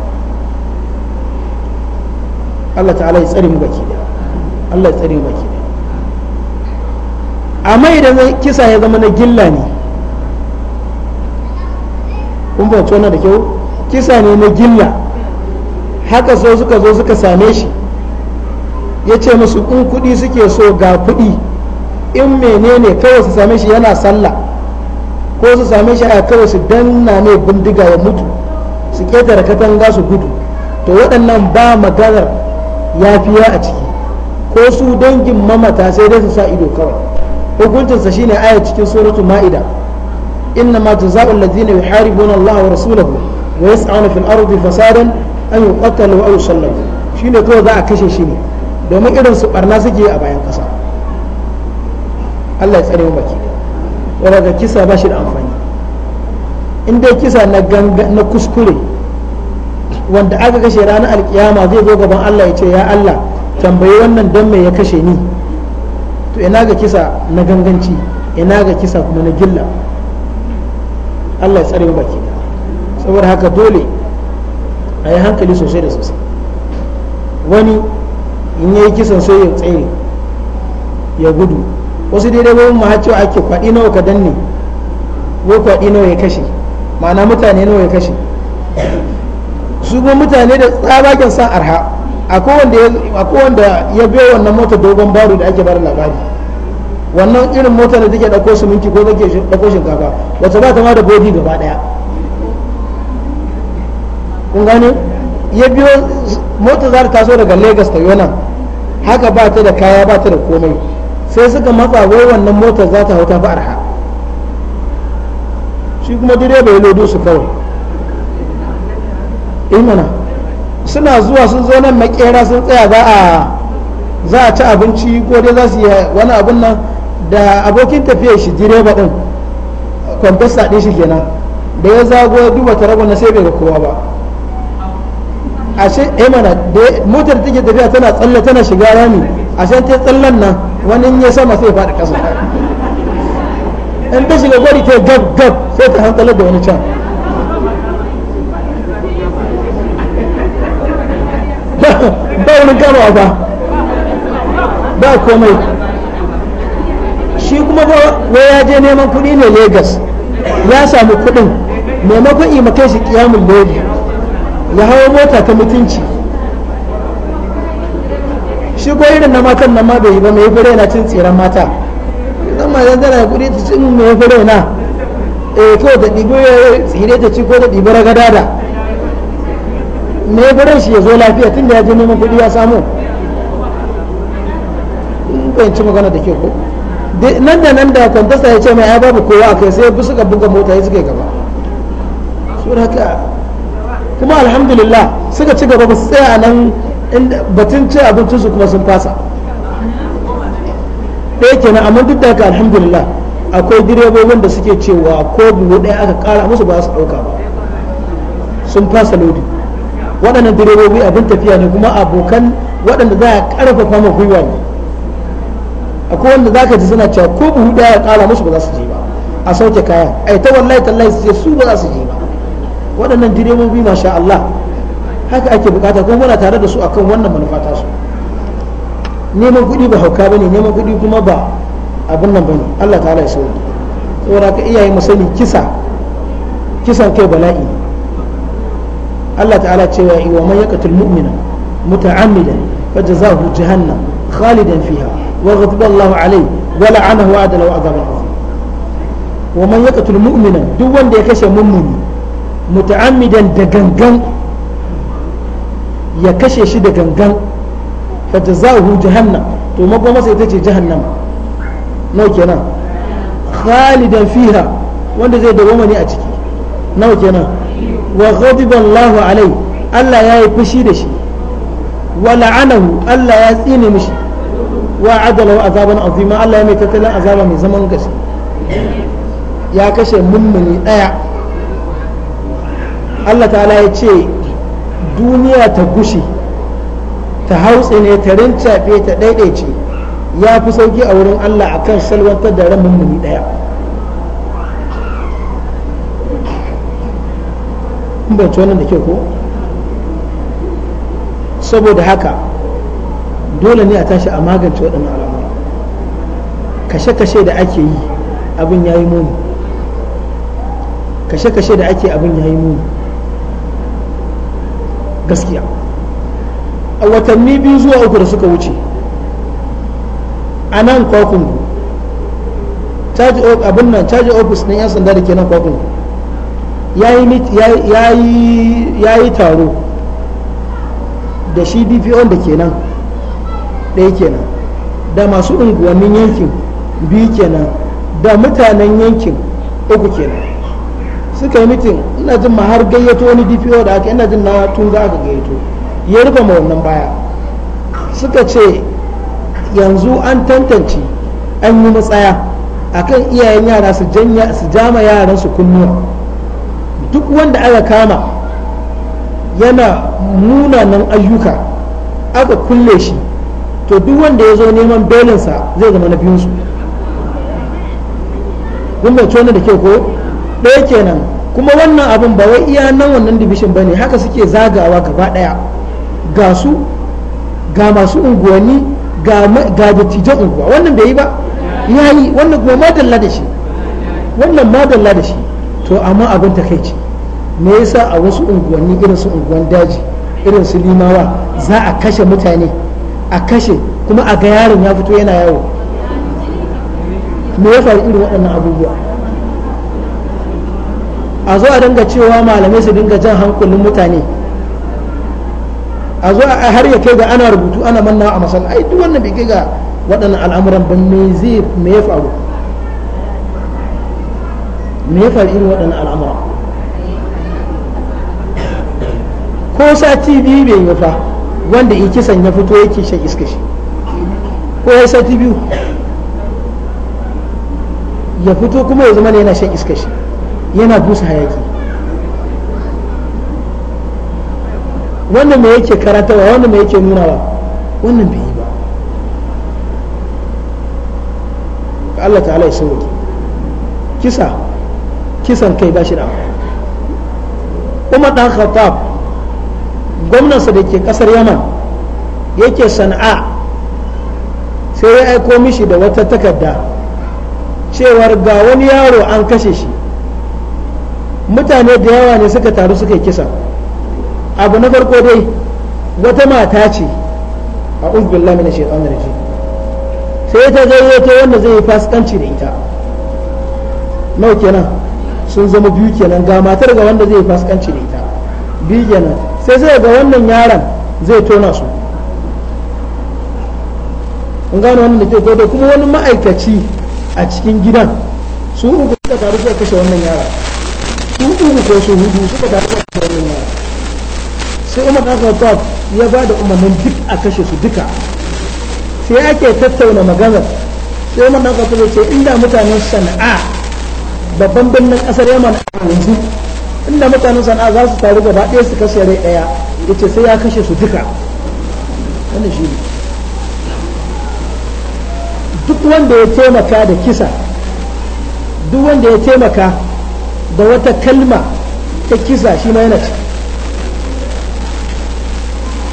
[SPEAKER 1] Allah ta'ala ya tsari mu baki da Allah ya tsari mu baki da amma idan kisa ya zama na gilla ne kun ba tsona da kyau kisa ne na gilla haka so suka zo suka same shi ya ce musu in kudi suke so ga kudi, in menene kawai su same shi yana sallah ko su same shi a kawai su danna ne bindiga ya mutu su da katanga su gudu to waɗannan ba maganar ya fiya a ciki ko su dangin mamata sai dai su sa ido kawai hukuncinsa shine aya cikin suratul ma'ida inna ma jazaa'ul ladzina yuharibuna Allah wa rasulahu wa yas'una fil ardi fasadan an yuqatalu aw yusallabu shine kawai za a kashe shi ne domin irin su barna suke a bayan kasa Allah ya tsare mu baki wanda kisa ba shi da amfani in dai kisa na kuskure wanda aka kashe ranar alkiyama zai zo gaban Allah ya ce ya Allah tambayi wannan don mai ya kashe ni to ina ga kisa na ganganci ina ga kisa kuma na gilla Allah ya tsare baki saboda haka dole a yi hankali sosai da sosai wani in yi kisan sai ya tsaye ya gudu wasu daidai wani ma ake kwaɗi nawa ka danne ko kwaɗi nawa ya kashe ma'ana mutane nawa ya kashe su kuma mutane da tsabagen san arha a wanda ya biyo wannan motar dogon baro da ake bar labari wannan irin motar da take ɗauko siminti ko take ɗauko shinkafa wata ba ta ma da bodi gaba daya kun gane ya biyo motar za ta taso daga lagos ta yona haka ba ta da kaya ba ta da komai sai suka matsa wai wannan motar za ta hau ta arha shi kuma direba ya lodo su kawai imana eh, suna zuwa sun zo nan makera sun tsaya za a za a ci abinci ko dai za su yi wani abun nan da abokin tafiya shi direba din kwamfesa ɗin shi kenan da ya zago ya duba tarabo na sai bai ga kowa ba A ce imana eh, da motar take tafiya tana tsalle tana shiga rami a ashe ta tsallan nan wani ya sama sai faɗi ƙasa in ta shiga gwari ta gab gab sai ta hankalar da wani can ba wani gaba ba ba komai shi kuma ba ya je neman kuɗi ne Legas ya samu kuɗin maimakon yi kai shi kiyamun lori ya hawa mota ta mutunci shi ko irin na matan nan ma bai yi ba mai fure na cin tseren mata zan ma zan tana kuɗi ta cin mai fure na eh kawai da ɗibi tsire eh, ta ci ko da ɗibi ragadada me bare shi ya zo lafiya tunda ya je neman kuɗi ya samu in ci magana da ke ko nan da nan da kwantasta ya ce mai ya babu kowa kai sai bi suka buga mota ya suka gaba sun haka kuma alhamdulillah suka ci gaba ba su tsaya a nan batun ce abincinsu kuma sun fasa ɗaya kenan amma duk da haka alhamdulillah akwai direbobin da suke cewa ko biyu ɗaya aka ƙara musu ba su ɗauka ba sun fasa lodin waɗannan direbobi abin tafiya ne kuma abokan waɗanda za a ƙarfafa ma gwiwa ne akwai wanda za ka ji suna cewa ko buhu ɗaya ya ƙara musu ba za su je ba a sauke kayan a ta wallahi tallahi su je su ba za su je ba waɗannan direbobi masha Allah haka ake bukata kuma muna tare da su akan wannan manufa ta su neman kuɗi ba hauka ne neman kuɗi kuma ba abin nan ba ne Allah ta'ala ya sauke saboda ka iyaye mu sani kisa kisan kai bala'i Allah ta'ala cewa wa man yaqtul mu'mina muta'ammidan fajazahu jahannam khalidan fiha wa ghadiba Allahu alayhi wa la'anahu wa adala wa adhaban azim wa man yaqtul mu'mina duk wanda ya kashe mummuni muta'ammidan da gangan ya kashe shi da gangan fajazahu jahannam to magoma sai ta ce jahannam nawa kenan khalidan fiha wanda zai dawoma ne a ciki nawa kenan wa ghadiba Allahu alai Allah ya yi fushi da shi wa la'anahu Allah ya tsine mishi wa adalahu azaban azima Allah ya mai tattalin azaba mai zaman gaske ya kashe mummuni daya Allah ta'ala ya ce duniya ta gushi ta hautse ne ta rincafe ta daidaice ya fi sauki a wurin Allah akan salwantar da ran mummuni daya in wannan da ke ko saboda haka dole ne a tashi a magance waɗannan alamu kashe-kashe da ake yi abin ya yi muni kashe-kashe da ake abin ya yi muni gaskiya a watanni biyu zuwa uku da suka wuce a nan kwakungu abin nan caji ofis na 'yan sanda da ke nan kwakungu ya yi taro da shi dpo da kenan ɗaya kenan da masu unguwannin yankin biyu kenan da mutanen yankin uku kenan suka yi mitin ina jin ma har gayyato wani dpo da aka ina jin na tun za aka gayyato ya rufe ma wannan baya suka ce yanzu an tantance an yi matsaya akan iyayen yara su jama yaran su kunnuwa duk wanda aka kama yana munanan ayyuka aka kulle shi to duk wanda ya zo neman belinsa zai zama na biyunsu kun bai da ke ko ɗaya kenan kuma wannan abin ba wai iya nan wannan division ba ne haka suke zagawa gaba ɗaya ga su ga masu unguwanni ga dattijan unguwa wannan bai yi ba ya yi wannan kuma madalla da shi wannan madalla da shi to amma abin ta kai ce me yasa a wasu unguwanni irin su unguwan daji irin su limawa za a kashe mutane a kashe kuma a ga yaron ya fito yana yawo me ya faru irin waɗannan abubuwa a zo a dinga cewa malamai su dinga jan hankulin mutane a zo a har ya kai ga ana rubutu ana manna a masal ai duk wannan bai kai ga waɗannan al'amuran ba me zai me ya faru me ya faru irin waɗannan al'amura ko sati biyu bai yi fa wanda in kisan ya fito yake shan iska shi ko ya sati biyu ya fito kuma ya zama yana shan iska shi yana busa hayaki wannan me yake karatawa? wannan me yake nunawa wannan bai yi ba Allah ta'ala ya sauke kisa kisan kai ba shi da umar dan khattab gwamnansa da ke kasar yaman yake sana'a sai ya aiko mishi da wata takarda cewar ga wani yaro an kashe shi mutane da yawa ne suka taru suka yi kisa abu na farko dai wata mata ce a uzbillah mina shekaru da rajim sai ta wata wanda zai yi fasikanci da ita nau kenan sun zama biyu kenan ga matar ga wanda zai fasikanci da ita biyu kenan sai sai ga wannan yaron zai tona su in gano wannan da ke da kuma wani ma'aikaci a cikin gidan su uku suka taru suka kashe wannan yaron su uku ko su hudu suka taru suka kashe wannan yaron sai umar ɗan ya ba da umarnin duk a kashe su duka sai ake tattauna maganar sai umar ɗan ce inda mutanen sana'a babban birnin kasar yaman a yanzu inda mutanen sana'a za su taru gaba ɗaya su kashe rai ɗaya ce sai ya kashe su duka wannan shi ne duk wanda ya taimaka da kisa duk wanda ya taimaka da wata kalma ta kisa shi ma yana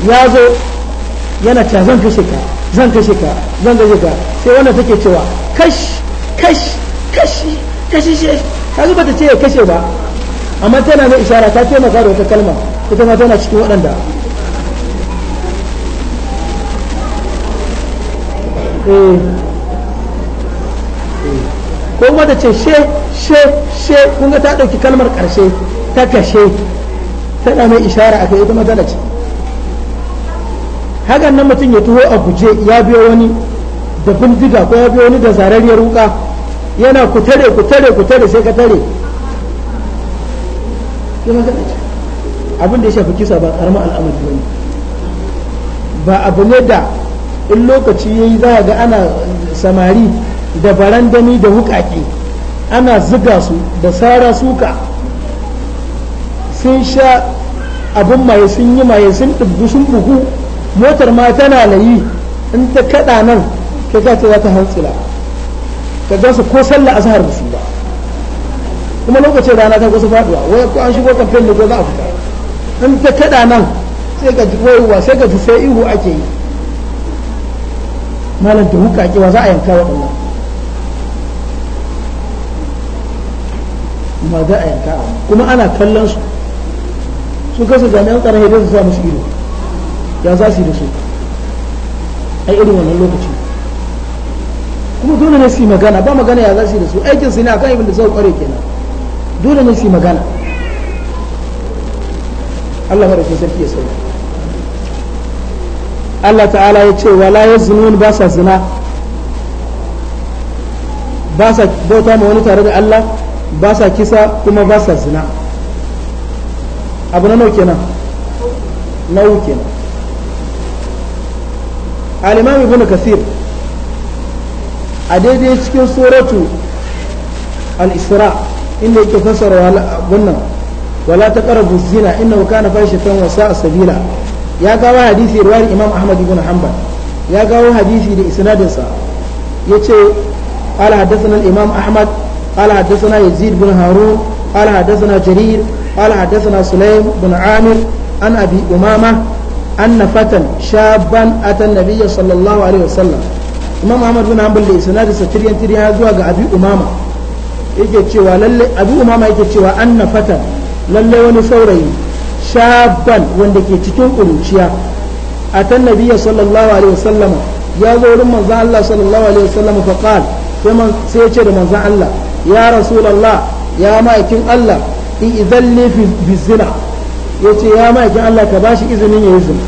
[SPEAKER 1] ya zo yana ta zan kashe ka zan kashe ka zan kashe ka sai wannan take cewa kash kash kashi kashe shi ta zuba ce ya kashe ba amma tana mai ishara ta taimaka da wata kalma ita ma tana cikin waɗanda eh. Eh. ko kuma ta ce she she she kun ga ta ɗauki kalmar ƙarshe ta kashe tana mai ishara a kai ita ma tana ciki hakan nan mutum ya tuho a guje ya biyo wani da bindiga ko ya biyo wani da zarariyar wuka yana ku tare ku tare ku tare sai ka tare abin da ya shafi kisa ba karamin al'amari ba ba abu ne da in lokaci ya yi za ga ana samari da barandami da wukaki ana zuga su da sara suka sun sha abin maye sun yi maye sun ɗubbu sun buhu motar ma tana layi in ta kaɗa nan ka ce za ta hantsila ka ga su ko sallah azhar da su ba kuma lokacin rana ta kusa faduwa wai ko an shigo kamfen da ko za a fita in ta kada nan sai ka ji sai ka ji sai ihu ake yi malam ta huka kewa za a yanka waɗannan ba za a yanka kuma ana kallon su su kasu jami'an tsaron hidin su sa musu ido ya za su yi da su a irin wannan lokaci kuma dole ne su yi magana ba magana ya za su yi da su aikin su ne akan ibin da suka kware kenan dole ne su yi magana Allah ke sarki ya sauya Allah ta'ala ya ce wala yaznun ba sa zina ba sa bauta ma wani tare da Allah ba sa kisa kuma ba sa zina abu na nau kenan nau kenan alimami bin kasir a daidai cikin suratu al-isra inda yake fasara wannan wala taqrabu zina innahu kana fahishatan wa sa'a sabila ya kawo hadisi riwayar imam ahmad ibn hanbal ya gawo hadisi da isnadin sa yace qala hadathana al-imam ahmad qala hadathana yazid bin harun qala hadathana jarir qala hadathana sulaim bin amir an abi umama anna fatan shaban atan nabiyya sallallahu alaihi wasallam imam Muhammad bin Hanbal da sanadin sa tiryan tiryan zuwa ga Abi Umama yake cewa lalle Abi Umama yake cewa anna fatan lalle wani saurayi shaban wanda ke cikin kuruciya a nabiyya sallallahu alaihi wasallama ya zo wurin manzon Allah sallallahu alaihi wasallama fa qala sai sai ya ce da manzon Allah ya rasulullah ya ma'aikin Allah idan li fi ya ce ya ma'aikin Allah ka bashi izinin ya yi zina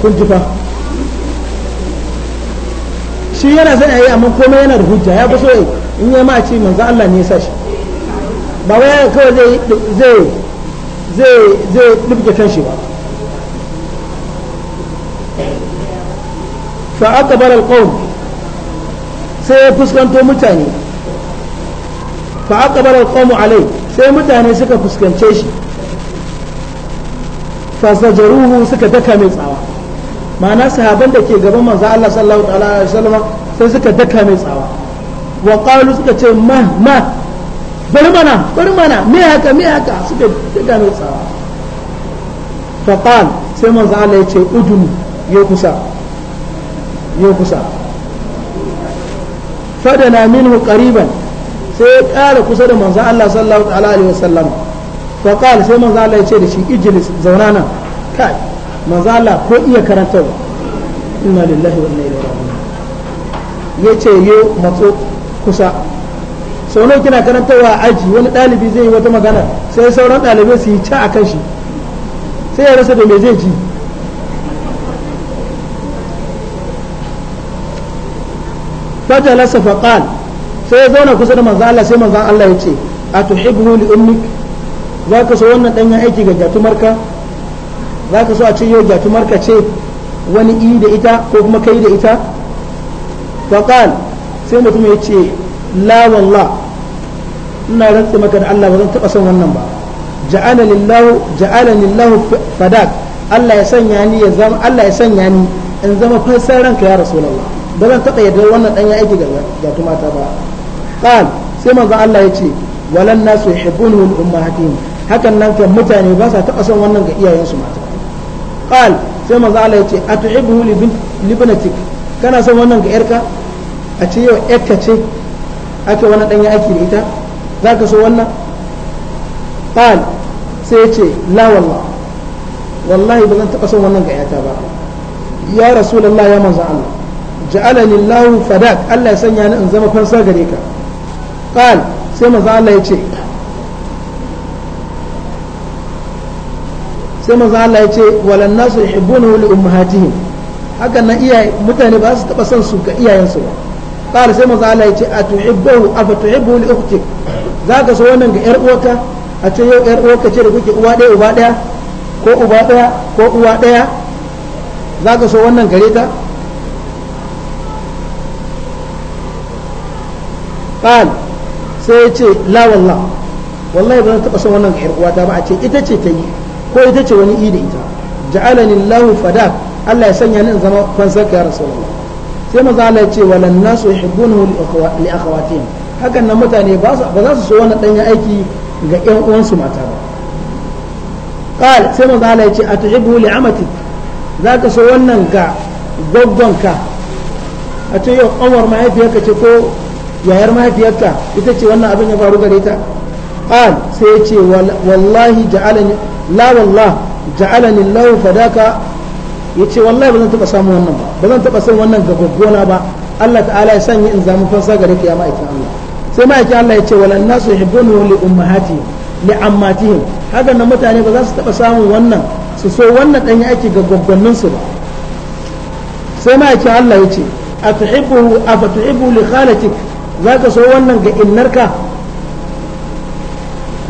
[SPEAKER 1] kun ji fa shi yana zai yayi amma komai yana da hujja ya fi so in ya ma ce manzo Allah ne ya sa shi ba wai kawai zai zai zai zai dubke ba fa aqbala alqawm sai ya fuskanto mutane fa aqbala alqawm alai sai mutane suka fuskance shi fa zajaruhu suka daka mai tsawa ma'ana sahaban da ke gaban manzo Allah sallallahu alaihi wasallam sai suka daka mai tsawa wa qalu suka ce ma ma bari mana bari mana me haka me haka suka daka mai tsawa fa qal sai manzo Allah ya ce udun ya kusa ya kusa fadana minhu qariban sai ya ƙara kusa da manzo Allah sallallahu alaihi wasallam fa qal sai manzo Allah ya ce da shi ijlis zauna nan kai mazala Allah ko iya karantarwa ina lillahi wa inna ilaihi raji'un yace yo matso kusa sau nawa kina karantarwa aji wani ɗalibi zai yi wata magana sai sauran ɗalibai su yi ca a kan shi sai ya rasa da me zai ji fajalasa faqal sai ya zauna kusa da manzo Allah sai manzo Allah ya ce a tuhibbu li ummik zaka so wannan ɗanyen aiki ga jatumarka za ka so a ce yau jatumar ka ce wani i da ita ko kuma kai da ita faƙal sai mutum ya ce la wallah ina rantsa maka da Allah ba zan taɓa son wannan ba ja'ala lillahu ja'ala lillahu fadak Allah ya sanya ni ya zama Allah ya sanya ni in zama fansan ranka ya rasulullah ba zan taɓa yadda wannan dan ya aiki ga jatumata ba qal sai manzo Allah ya ce walan nasu yuhibbunahu ummahatin hakan nan kan mutane ba sa taɓa son wannan ga iyayensu mata qal sai manzo Allah ya ce kana son wannan ga yarka a ce yau yarka ce ake da ita zaka so wannan qal sai ce wallahi ba zan son wannan ga yata ba ya rasulullah ya manzo ja'alani fadak Allah ya sanya ni in zama fansa gare ka sai sai manzo Allah ya ce walan nasu yuhibbuna li ummahatihim hakan nan iyaye mutane ba su taba son su ga iyayensu ba qala sai manzo Allah ya ce atuhibbu afatuhibbu li ukhtik zaka so wannan ga yar uwarka a ce yau yar uwarka ce da kuke uwa ɗaya uba ɗaya ko uba ɗaya ko uwa ɗaya zaka so wannan gare ta qal sai ya ce la wallah wallahi ba zan taba son wannan ga yar uwata ba a ce ita ce ta yi ko ita ce wani i ita ja'alani lahu fada Allah ya sanya ni zama fansar ka ya rasulullah sai maza Allah ya ce walan nasu yuhibbunahu li akhawatin hakan nan mutane ba za su so dan ya aiki ga ƴan uwansu mata ba qal sai maza Allah ya ce atuhibbu li amatik zaka so wannan ga gwaggonka a ce yau kanwar mahaifiyarka ce ko yayar mahaifiyarka ita ce wannan abin ya faru gare ta qal sai ya ce wallahi ja'alani la wallah ja'alani lahu fadaka yace wallahi bazan taba samu wannan ba bazan taba san wannan ga gona ba Allah ta'ala ya sanya in zamu fansa gare ki ya ma'aikin Allah sai ma'aikin Allah ya ce walan nasu yuhibbunu li ummahati li ammatihim haka nan mutane ba za su taba samun wannan su so wannan dan yake ga gogonnin su ba sai ma'aikin Allah ya ce atuhibbu afatuhibbu li khalatik zaka so wannan ga innarka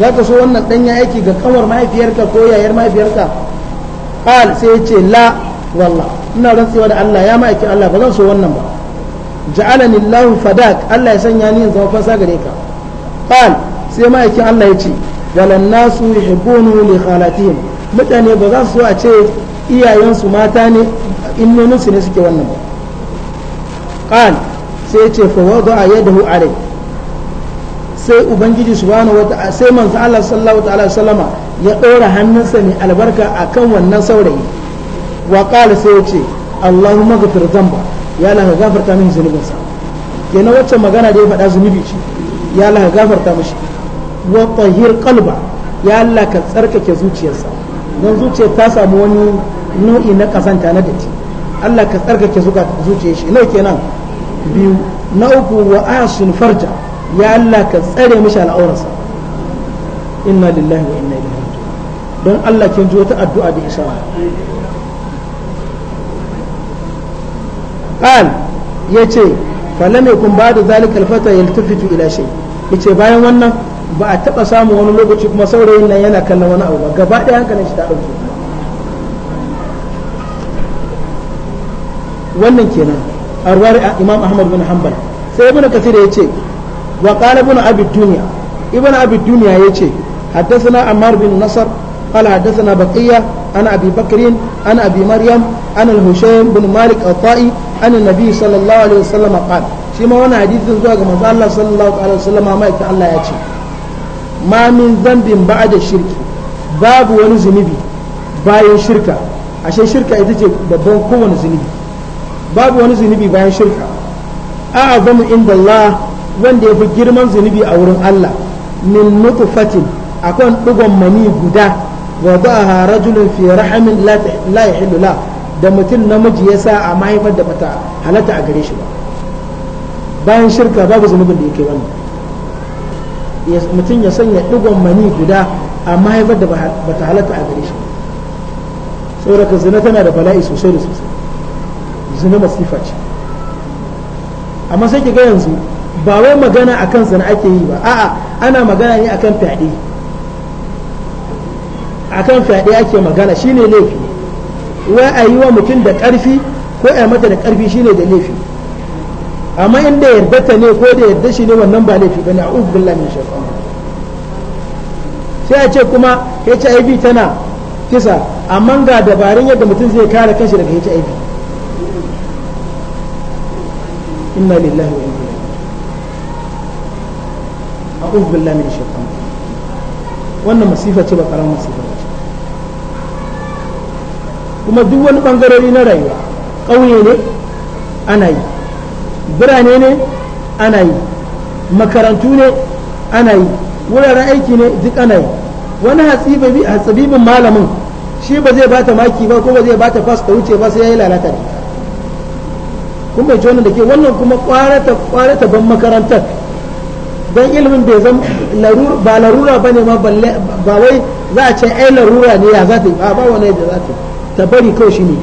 [SPEAKER 1] za ka so wannan ya aiki ga kawar mahaifiyarka ko yayar mahaifiyarka ƙal sai ya ce la walla ina rantsewa da Allah ya ma'aikin Allah ba zan so wannan ba ja'alani Allah fadak Allah ya sanya ni in zama fansa gare ka ƙal sai ma'aikin Allah ya ce walan nasu yuhibbunu li khalatihim mutane ba za su so a ce iyayensu mata ne su ne suke wannan ba ƙal sai ya ce fa wada'a yadahu alayhi sai ubangiji subhanahu ta'ala sai manzo Allah sallallahu ta'ala sallama ya ɗora hannunsa ne albarka akan wannan saurayi wa qala sai ya ce Allahumma ghfir dhanba ya Allah ka gafarta min zunubinsa kenan wacce magana da ya faɗa zunubi ce ya Allah ka gafarta mishi wa tahir qalba ya Allah ka tsarkake zuciyarsa don zuciyar ta samu wani nau'i na kasanta na datti Allah ka tsarkake zuciyar shi ne kenan biyu na uku wa asun farja ya Allah ka tsare mishi al'aurarsa inna lillahi wa inna ilaihi don Allah kin ji wata addu'a da isa qal yace falam yakun ba'da zalika al-fata yaltafitu ila shay yace bayan wannan ba a taba samu wani lokaci kuma saurayin nan yana kallon wani abu ba gaba ɗaya hankalin shi ta dauke wannan kenan arwar imam ahmad bin hanbal sai ibn kasir yace wa qala ibn abi dunya ibn abi dunya yace haddathana ammar bin nasr قال حدثنا بقية عن أبي بكر عن أبي مريم عن الهشام بن مالك الطائي عن النبي صلى الله عليه وسلم قال فيما وانا حديث زوج من الله صلى الله عليه وسلم ما يتعلى الله يأتي ما من ذنب بعد الشرك باب ونزنبي باين شركة عشان شركة يتجي ببون كون زنبي باب ونزنبي باين شركة أعظم عند الله wanda ya fi girman zunubi a wurin Allah min nutfatin akan dugon mani guda wa da'aha rajulun fi rahamin la yahillu la da mutum namiji ya sa a mahaifar da bata halatta a gare shi ba bayan shirka babu zunubin da yake wannan mutum ya sanya dugon mani guda a mahaifar da bata halatta a gare shi saboda ka zina tana da bala'i sosai da sosai zina masifa ce amma sai ki ga yanzu ba wai magana akan na ake yi ba a'a ana magana ne akan fyaɗe akan fyaɗe ake magana shine laifi wai a yi wa mutum da ƙarfi ko a mata da ƙarfi shine da laifi amma inda yarda ta ne ko da yarda shi ne wannan ba laifi bane a'udhu billahi min shaitan sai a ce kuma HIV tana kisa amma ga dabarun yadda mutum zai kare kanshi daga HIV inna lillahi wa a'udhu billahi minash shaitan wannan masifa ce ba karamin masifa ba kuma duk wani bangarori na rayuwa ƙauye ne ana yi birane ne ana yi makarantu ne ana yi wuraren aiki ne duk ana yi wani hatsabibin malamin shi ba zai bata maki ba ko ba zai bata fas ta wuce ba sai ya yi lalata da kuma ji wannan da ke wannan kuma kwarata ban makarantar don ilimin bai zan ba larura ba ne ma ba wai za a ce ai larura ne ya za ta yi ba ba wani da za ta ta bari kawai shi ne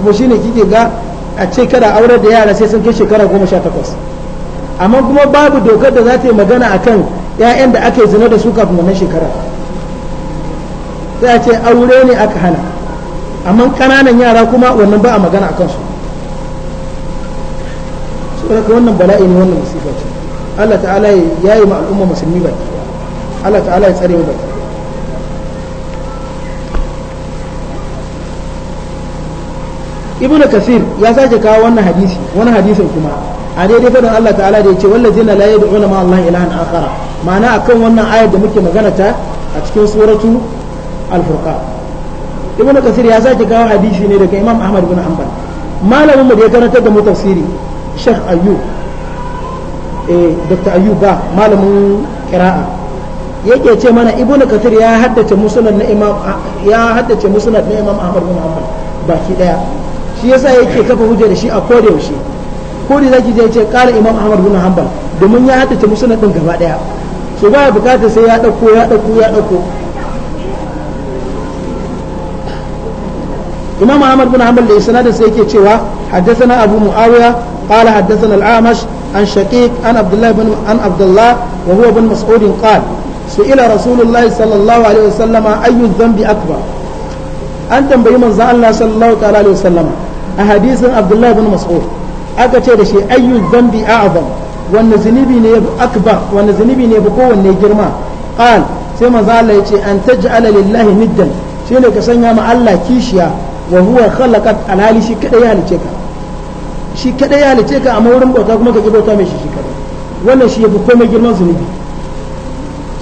[SPEAKER 1] kuma shi ne kike ga a ce kada aure da yara sai sun kai shekara goma sha takwas amma kuma babu dokar da za ta yi magana a kan 'ya'yan da aka yi zina da su kafin wannan shekara sai a ce aure ne aka hana amma kananan yara kuma wannan ba a magana a kansu saboda wannan bala'i ne wannan musiba ce Allah ta'ala ya yi ma al'umma musulmi ba Allah ta'ala ya tsare mu baki ibn kasir ya sake kawo wannan hadisi wani hadisin kuma a daidai fadin Allah ta'ala da ya ce wallazina la yad'una ma Allah ilahan akhara ma'ana akan wannan ayar da muke magana ta a cikin suratu al-furqan ibn kasir ya sake kawo hadisi ne daga imam ahmad ibn hanbal malamin mu da ya karanta da mu tafsiri Sheikh Ayyub eh Dr. Ayyub ba malamin kira'a yake ce mana na Kathir ya haddace musnad na Imam ya haddace musnad na Imam Ahmad bin Hanbal baki daya shi yasa yake kafa hujja da shi a koda yaushe ko da zaki je ce kala Imam Ahmad bin Hanbal domin ya haddace musnad din gaba daya so ba bukatar sai ya dauko ya dauko ya dauko imam ahmad bin hanbal da isnadin sai yake cewa haddathana abu muawiya قال حدثنا الأعمش عن شقيق عن عبد الله بن عن عبد الله وهو بن مسعود قال سئل رسول الله صلى الله عليه وسلم أي الذنب أكبر أن تنبئي من الله صلى الله عليه وسلم أحاديث عبد الله بن مسعود أكتر شيء أي الذنب أعظم وأن ذنبي أكبر وأن ذنبي نبقى وأن جرما قال سيما زال أن تجعل لله ندا شيء لك سنعم الله كيشيا وهو خلقت على هالي شيء كده يهالي shi kadai ya halice ka amma wurin bauta kuma ka ki bauta mai shi shi kadai wannan shi yafi komai girman zunubi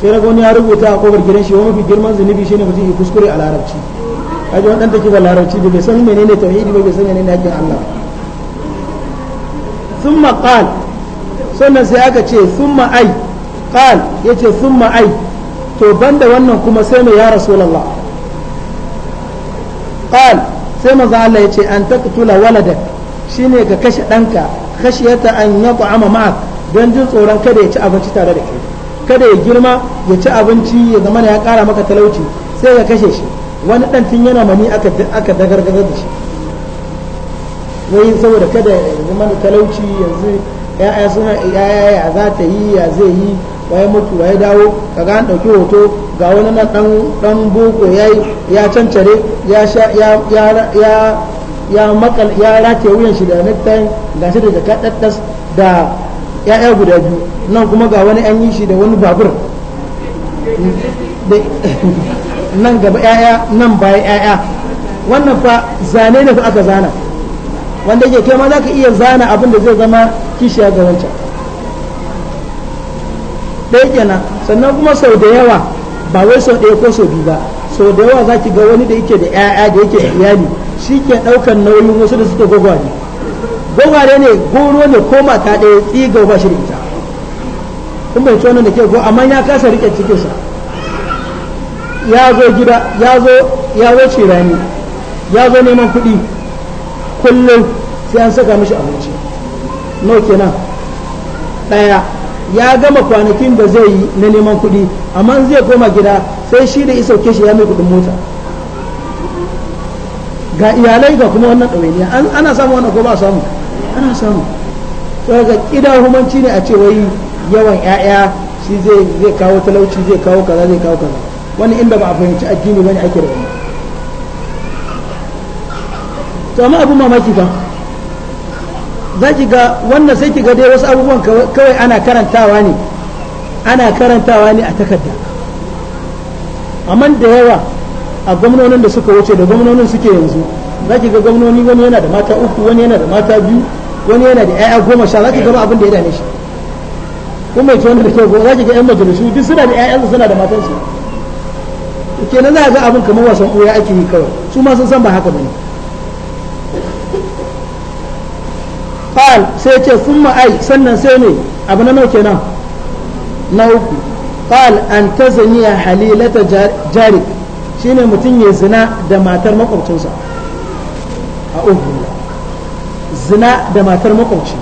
[SPEAKER 1] sai raga wani ya rubuta a kofar gidan shi fi girman zunubi shine mutum ya kuskure a larabci kaji wani dan take ba larabci bai san menene tauhidi ba bai san menene hakkin Allah thumma qal sannan sai aka ce thumma ai qal yace thumma ai to banda wannan kuma sai mai ya rasulullah qal sai manzo Allah yace an taqtula waladak shi ne ka kashe ɗanka yata an ama ma'a don jin tsoron kada ya ci abinci tare da kai kada ya girma ya ci abinci ya zama ya kara maka talauci sai ka kashe shi wani dan tun yana mani aka dagar da shi wai saboda kada ya zama talauci yanzu ya'ya suna ya'ya ya za ta yi ya zai yi waye mutu waye dawo kaga an dauki hoto ga wani nan dan boko ya cancare ya ya ya ya makal ya rataye wuyan shi da nektayin gashi da jaka da ya'ya guda biyu nan kuma ga wani an yi shi da wani babur nan gaba ya'ya nan baya ya'ya wannan fa zane ne fa aka zana wanda yake kai ma za ka iya zana abin da zai zama kishiya ga wancan ɗaya kenan sannan kuma sau da yawa ba wai sau ɗaya ko sau biyu ba sau da yawa za ki ga wani da yake da 'ya'ya da yake da iyali shi ke ɗaukar nauyin wasu da suke gwagware gwagware ne goro ne ko mata ɗaya tsiga ba shi da ita kun bai wannan da ke go amma ya kasa rike cikinsa ya zo gida ya zo ya zo cirani ya zo neman kuɗi kullum sai an saka mishi abinci no kenan ɗaya ya gama kwanakin da zai yi na neman kuɗi amma zai koma gida sai shi da isauke shi ya mai kuɗin mota ga iyalai ga kuma wannan ɗawainiya ana samu wannan ko ba samu ana samu to ga kidahumanci ne a ce wai yawan 'ya'ya shi zai kawo talauci zai kawo kaza zai kawo kaza wani inda ba a fahimci addini bane ake da wannan to amma abun mamaki fa za ki ga wannan sai ki ga dai wasu abubuwan kawai ana karantawa ne ana karantawa ne a takarda amma da yawa a gwamnonin da suka wuce da gwamnonin suke yanzu za ki ga gwamnoni wani yana da mata uku wani yana da mata biyu wani yana da 'ya'ya goma sha za ki gama abin da ya dame shi kuma ce wanda da ke za ki ga 'yan majalisu duk suna da 'ya'yansu suna da matansu nan za a ga abin kamar wasan ɓoye ake yi kawai su ma sun san ba haka bane qal sai ce summa ai sannan sai ne abu na nauke nan na uku qal an zaniya halilata jarik shine mutum ya zina da matar makwabcinsa a ubula zina da matar makwabci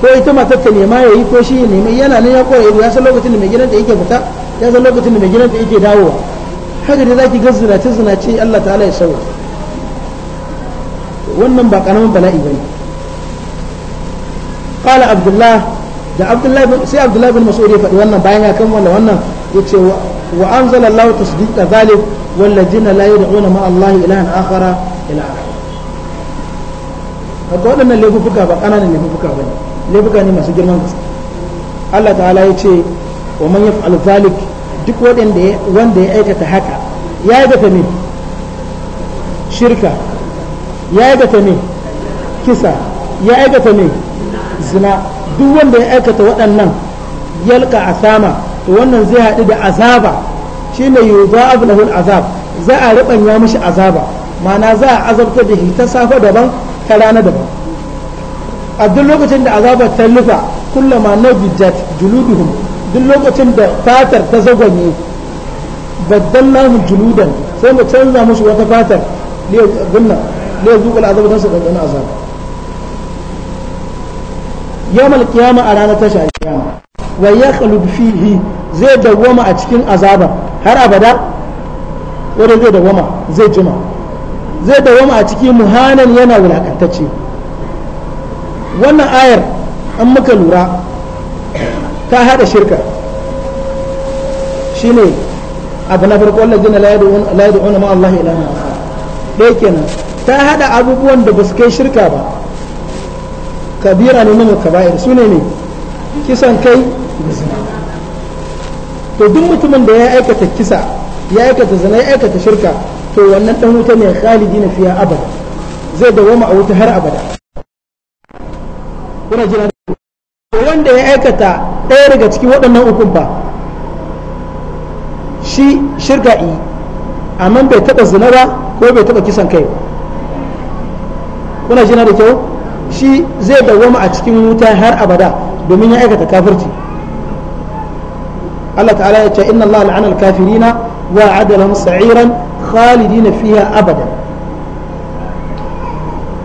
[SPEAKER 1] ko ita matar ta nema ya yi ko shi ya nema yana nan ya koya ya san lokacin da mai gidan da yake fita ya san lokacin da mai gidan da yake dawowa haka dai zaki ga zinace zinace Allah ta'ala ya sauya wannan ba karamin bala'i bane qala abdullah da abdullah sai abdullah bin mas'ud ya faɗi wannan bayan ya kammala wannan yace وأنزل الله تصديق ذلك والذين لا يدعون مع الله إلها آخر إلى آخر akwai waɗannan laifuka ba ƙananan laifuka ba ne laifuka ne masu girman gaske Allah ta'ala ya ce wa man yaf'al zalik duk waɗanda wanda ya aikata haka ya aikata me shirka ya aikata me kisa ya aikata me zina duk wanda ya aikata waɗannan yalka sama. to wannan zai haɗu da azaba shine yuza'ab lahul azab za a ribanya mishi azaba ma'ana za a azabta da shi ta safa daban ta rana daban a duk lokacin da azabar ta lufa kullama nabijat juluduhum duk lokacin da fatar ta zagwanye baddallahu juludan sai mu canza musu wata fatar ne gunna ne zuwa azaba. ta su dan a ranar tasha kiyama wa ya fihi zai dawwama a cikin azaba har abada wanda zai dawwama zai jima zai dawwama a cikin muhanan yana wulakantacce wannan ayar an muka lura ta haɗa shirka Shi shine abu na farko Allah jina la yad'una ma Allah ilaha ɗaya kenan ta haɗa abubuwan da ba su kai shirka ba kabira ne min kaba'ir su ne ne kisan kai zina to duk mutumin da ya aikata kisa ya aikata zina ya aikata shirka to wannan dan wuta ne khalidi na fiya abada zai dawoma a wuta har abada kuna jira to wanda ya aikata ɗaya daga cikin waɗannan ukun ba shi shirka yi amma bai taɓa zina ba ko bai taɓa kisan kai kuna jina da kyau shi zai dawoma a cikin wuta har abada domin ya aikata kafirci Allah ta'ala ya ce inna Allah la'ana al-kafirina wa a'ada lahum sa'iran khalidina fiha abada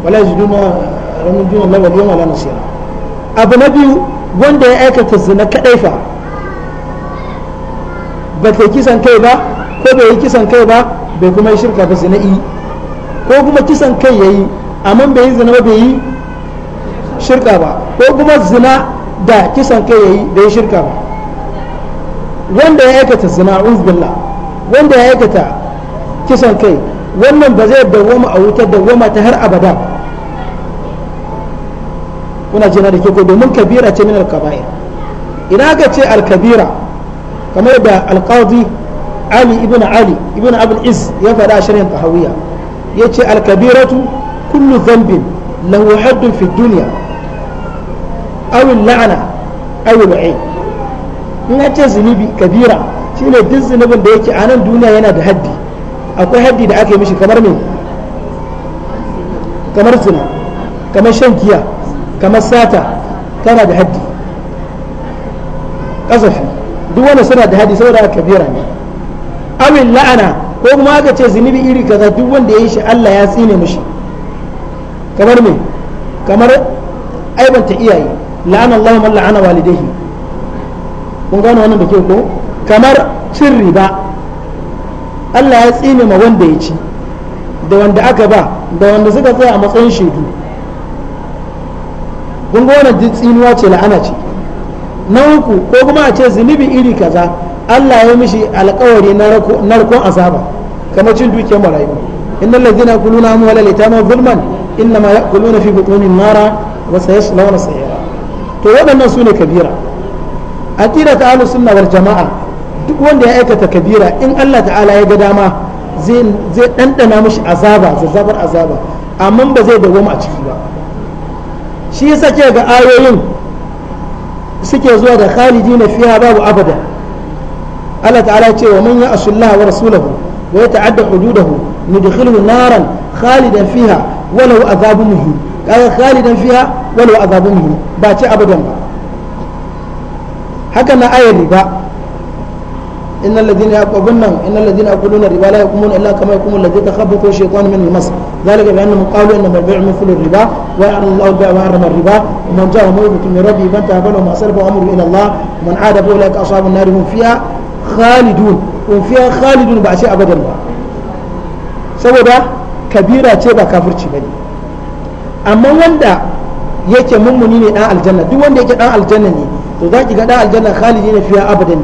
[SPEAKER 1] wala yajiduna ramin juna Allah wal yawma la nasira abu na biyu wanda ya aikata zina kadai fa ba ta kisan kai ba ko bai yi kisan kai ba bai kuma yi shirka ba zina'i ko kuma kisan kai yayi amma bai yi zina ba bai yi shirka ba ko kuma zina da kisan kai yayi bai yi shirka ba wanda ya aikata zina uzbillah wanda ya aikata kisan kai wannan ba zai dawwama a wutar dawwama ta har abada kuna jina da ke domin kabira ce min alkaba'ir ina ga ce alkabira kamar da alqadi ali ibn ali ibn abul is ya faɗa a shirin tahawiyya ya ce alkabiratu kullu zambin lahu haddun fi duniya awin la'ana awin wa'i in ya ce zunubi kabira shine duk zunubin da yake a nan duniya yana da haddi akwai haddi da aka yi mishi kamar me kamar zina kamar shan giya kamar sata tana da haddi kasafi duk wanda suna da haddi saboda kabira ne awin la'ana ko kuma aka ce zunubi iri kaza duk wanda ya yi shi Allah ya tsine mishi kamar me kamar aibanta iyaye la'ana Allahu man la'ana walidayhi kun gano wannan da ke ko kamar cin riba Allah ya tsine ma wanda ya ci da wanda aka ba da wanda suka tsaya a matsayin shaidu kun ga wannan tsinuwa ce la'ana ce na uku ko kuma a ce zunubi iri kaza Allah ya mishi alkawari na rikon azaba kamar cin dukiyar marayu innal ladina yakuluna amwalal yatama zulman innama yakuluna fi butunihim nara wa sayaslawna sayara to waɗannan sune kabira aqida ta ahlus sunna wal jama'a duk wanda ya aikata kabira in Allah ta'ala ya ga dama zai zai dandana mishi azaba zazzabar azaba amma ba zai dawoma a ciki ba shi yasa ke ga ayoyin suke zuwa da khalidina fiha babu abada Allah ta'ala ce wa man ya'sullaha wa rasulahu wa yata'adda hududahu nudkhiluhu naran khalidan fiha walau azabun muhin kaga khalidan fiha walau azabun muhin ba ce abadan ba haka na aya riba innal ladina yaqbun nan innal ladina yaquluna riba la yaqumuna illa kama yaqumu alladhi takhabbathu shaytanu min al-mas ذلك بأنهم قالوا إنما البيع مثل الربا ويحل الله البيع وحرم الربا ومن جاءه موعظة من ربه فانتهى فله ما سلف وأمره إلى الله ومن عاد فأولئك أصحاب النار هم khalidun خالدون هم khalidun ba بعد abadan ba saboda kabira ce ba kafirci bane amma wanda yake mummuni ne dan aljanna duk wanda yake dan aljanna ne to za ki ga aljanna khalidi na fiya abadan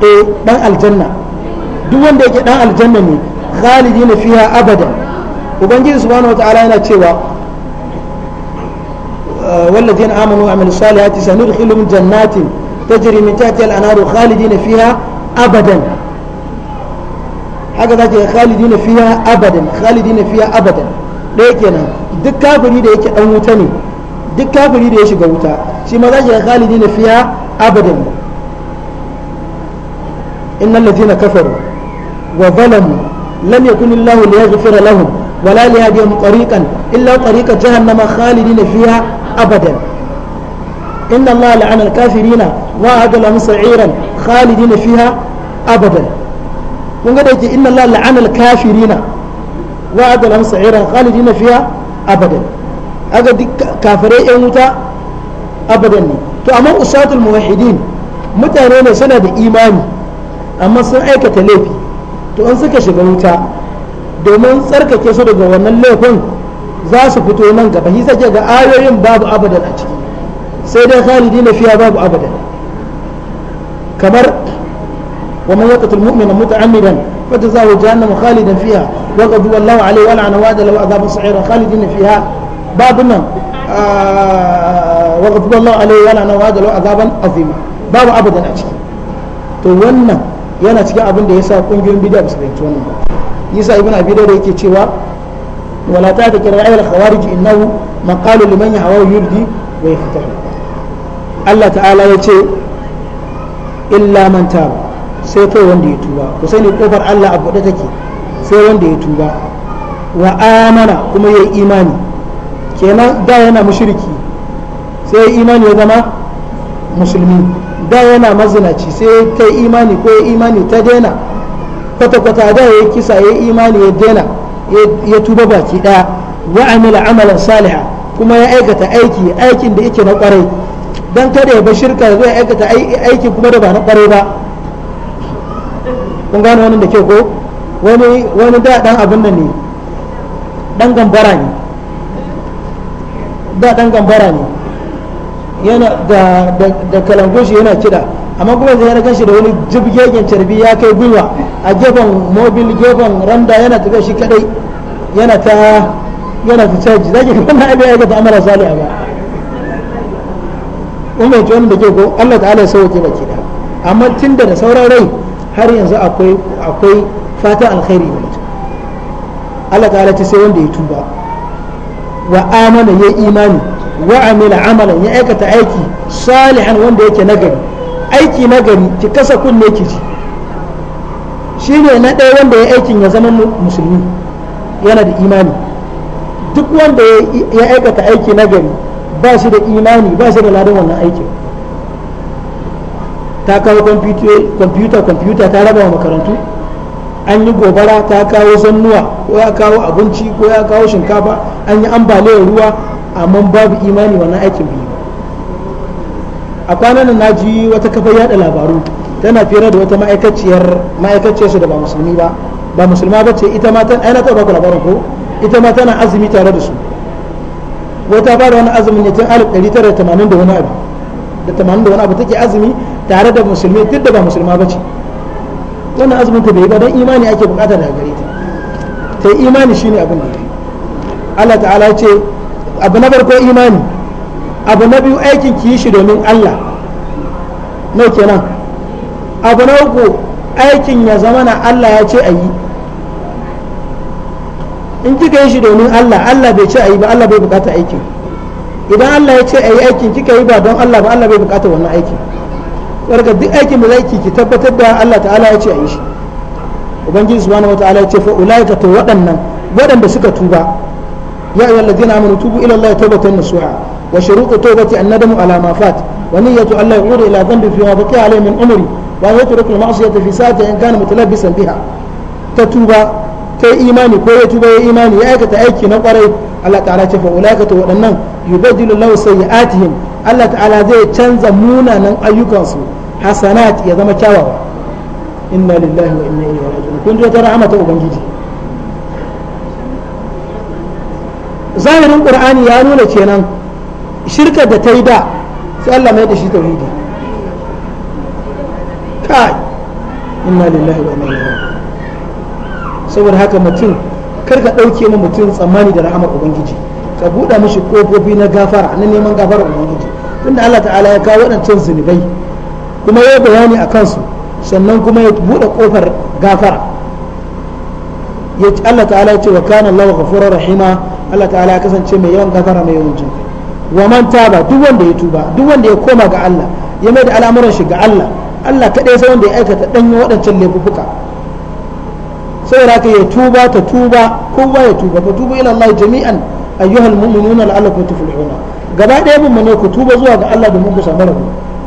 [SPEAKER 1] ne eh ɗan aljanna duk wanda yake dan aljanna ne khalidi na fiya abadan ubangiji subhanahu wataala yana cewa والذين آمنوا وعملوا الصالحات سندخلهم جنات تجري من تحتها الأنهار خالدين فيها أبدا haka zaki khalidina fiha abadan khalidina fiha abadan da yake nan duk kafiri da yake ɗan wuta ne duk kafiri da ya shiga wuta shi ma za shi ga khalidi na fiya abadan innal ladina kafaru wa zalamu lam yakun illahu liyaghfira lahum wala liyahdihim tariqan illa tariqa jahannama khalidina fiha abadan إن al لعن الكافرين وأعد لهم سعيرا خالدين فيها أبدا kun ga da inna Allah la'anal kafirina wa adala musa'iran khalidina abadan aga duk kafirai yan wuta abadan ne to amma usatul muwahhidin mutane ne suna da imani amma sun aikata laifi to an suka shiga wuta domin tsarkake su daga wannan laifin za su fito nan gaba shi sake ga ayoyin babu abadan a ciki sai dai khalidi na fiya babu abadan kamar wa man yaqtul mu'mina muta'ammidan fa jazahu jahannam khalidan fiha wa qad wallahu alayhi wa la'ana wa adala wa adhabun sa'ira khalidin fiha babu nan wa ghadallahu alaihi yana nan wajalo azaban azima babu abadan a ciki to wannan yana cikin abin da yasa kungiyoyin bid'a su fahimci wannan ba yasa ibn abi da yake cewa wala ta da kira'il khawarij innahu maqalu liman yahawa yurdi wa yaftah Allah ta'ala ya ce illa man taba sai kai wanda ya tuba ku sani kofar Allah a buɗe take sai wanda ya tuba wa amana kuma ya imani kenan da yana mushriki sai imani ya zama musulmi da yana mazinaci sai ta imani ko ya imani ta daina kwata-kwata da ya kisa ya imani ya daina ya tuba baki daya wa amila amalan saliha kuma ya aikata aiki aikin da yake na kwarai don kada ya ba shirka zai aikata aiki kuma da ba na kwarai ba kun gane wannan da ke ko wani da dan abin nan ne dan gambara ne da dan gambara ne yana da da kalangoshi yana kida amma kuma zai yana gashi da wani jibgegen carbi ya kai gwiwa a gefen mobil gefen randa yana tafiya shi kadai yana ta yana ta caji zaki ga wannan abin ya ga amara saliha ba umma ce wanda ke ko Allah ta'ala ya sauke baki da amma tinda da sauran rai har yanzu akwai akwai fata alkhairi ne Allah ta'ala ta sai wanda ya tuba wa amana ya imani wa amila amalan ya aikata aiki salihan wanda yake nagari aiki nagari ki kasa kunne ki ji ne na ɗaya wanda ya aikin ya zama musulmi yana da imani duk wanda ya aikata aiki nagari ba shi da imani ba shi da ladan wannan aikin ta kawo kwamfuta kwamfuta ta raba wa makarantu an yi gobara ta kawo zannuwa ko ya kawo abinci ko ya kawo shinkafa an yi ambaliyar ruwa amma babu imani wannan aikin biyu a kwanan nan naji wata kafar yada labaru tana fira da wata ma'aikaciyar ma'aikaciyarsu da ba musulmi ba ba musulma ba ce ita ma tana aina ta ba labarin ko ita ma tana azumi tare da su wata ba da wani azumin ne tun 1980 da wani abu da tamanin da wani abu take azumi tare da musulmi duk da ba musulma ba ce wannan azumin ta bai ba don imani ake bukata daga gare ta ta imani shine abin da Allah ta'ala ce abu na farko imani abu na biyu aikin ki yi shi domin Allah no kenan abu na uku aikin ya zama na Allah ya ce a yi in kika yi shi domin Allah Allah bai ce a yi ba Allah bai bukata aikin idan Allah ya ce a yi aikin kika yi ba don Allah ba Allah bai bukata wannan aikin warga duk aikin da zai ki tabbatar da Allah ta'ala ya ce a yi shi ubangiji subhanahu wataala ya ce fa ulaika to waɗannan waɗanda suka tuba يا أيها الذين آمنوا توبوا إلى الله توبة نصوحا وشروط التوبة الندم على ما فات ونية ألا يعود إلى ذنب فيما بقي عليه من عمري وأن يترك المعصية في ساعته إن كان متلبسا بها تتوب kai imani ko ya tuba ya imani ya aikata aiki na kwarai Allah ta'ala ce fa ulaka to waɗannan yubaddilu lahu sayyi'atihim Allah ta'ala zai canza munanan ayyukansu hasanat ya zama kyawawa inna lillahi wa inna ilaihi ta ubangiji zahirin qur'ani ya nuna kenan shirkar da ta yi da sai Allah mai da shi tauhidi kai inna lillahi wa inna ilaihi saboda haka mutum kar ka dauke mu mutum tsammani da rahama ubangiji ka buɗa mishi kofofi na gafara na neman gafara ubangiji tunda Allah ta'ala ya kawo waɗancan zunubai kuma ya bayani a kansu sannan kuma ya buɗe kofar gafara Allah ta'ala ya ce wa kana Allah ghafurur rahima Allah ta'ala ya kasance mai yawan gafara mai yawan jinkai wa man taba duk wanda ya tuba duk wanda ya koma ga Allah ya mai da al'amuran shi ga Allah Allah kadai sai wanda ya aikata yi waɗancan laifuka saboda haka ya tuba ta tuba kowa ya tuba fa tubu ila Allah jami'an ayyuhal mu'minuna la'allakum tuflihuna gaba ɗaya mun ne ku tuba zuwa ga Allah domin ku samu rabo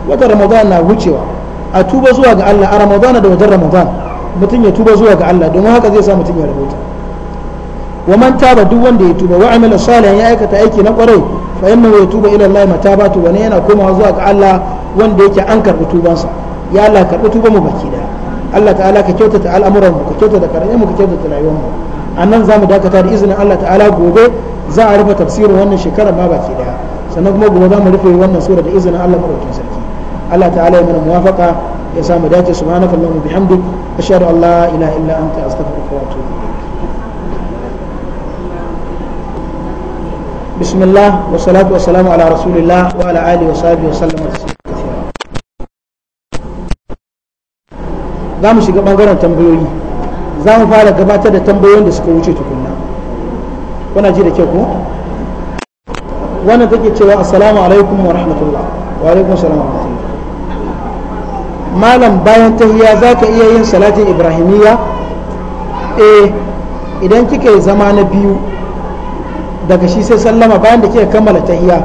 [SPEAKER 1] wata Ramadan na wucewa a tuba zuwa ga Allah a Ramadan da wajen Ramadan mutum ya tuba zuwa ga Allah domin haka zai sa mutum ya rabota wa man taba duk wanda ya tuba wa amila salihan ya aikata aiki na kwarai fa innahu yatubu ila Allah matabatu wa ne yana komawa zuwa ga Allah wanda yake an karbi tubansa ya Allah karbi tuban mu baki da Allah ta'ala ka kyautata al'amuran mu ka kyautata karayen mu ka kyautata rayuwar mu annan zamu dakata da izinin Allah ta'ala gobe za a rufe tafsirin wannan shekarar ma baki daya sannan kuma gobe za mu rufe wannan sura da izinin Allah madaukakin sarki Allah ta'ala ya mana muwafaqa ya samu dace subhanaka allahumma bihamdik ashhadu an la ilaha illa anta astaghfiruka wa atubu ilaik bismillah wa salatu wa salamu ala rasulillah wa ala alihi wa sahbihi wa sallam za mu shiga ɓangaren tambayoyi za mu fara gabatar da tambayoyin da suka wuce tukunna kuna ji da kyau ko wannan take cewa assalamu alaikum wa rahmatullah wa alaikum salam malam bayan tahiya za ka iya yin salatin ibrahimiyya eh idan kika yi zama na biyu daga shi sai sallama bayan da kika kammala tahiya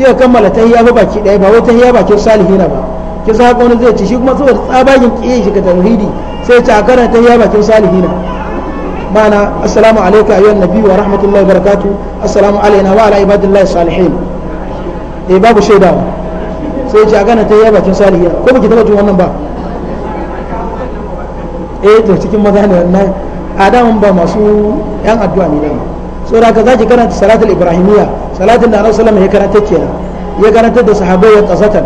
[SPEAKER 1] kika kammala tahiya ba baki daya ba wai tahiya bakin salihina ba ki sa wani zai ci shi kuma saboda tsabagen kiyaye shi ga tauhidi sai ta karanta tahiya bakin na mana assalamu alayka ayyuhan nabi wa rahmatullahi wa barakatuh assalamu alayna wa ala ibadillahi salihin eh babu shaidawa sai ce a gana ta yi bakin salihiya ko baki taba jin wannan ba eh to cikin maza ne wannan adamun ba masu yan addu'a ne dama so da ka zaki karanta salatul ibrahimiyya salatul da annabi sallallahu ya karanta kenan ya karanta da sahabbai ya kasatan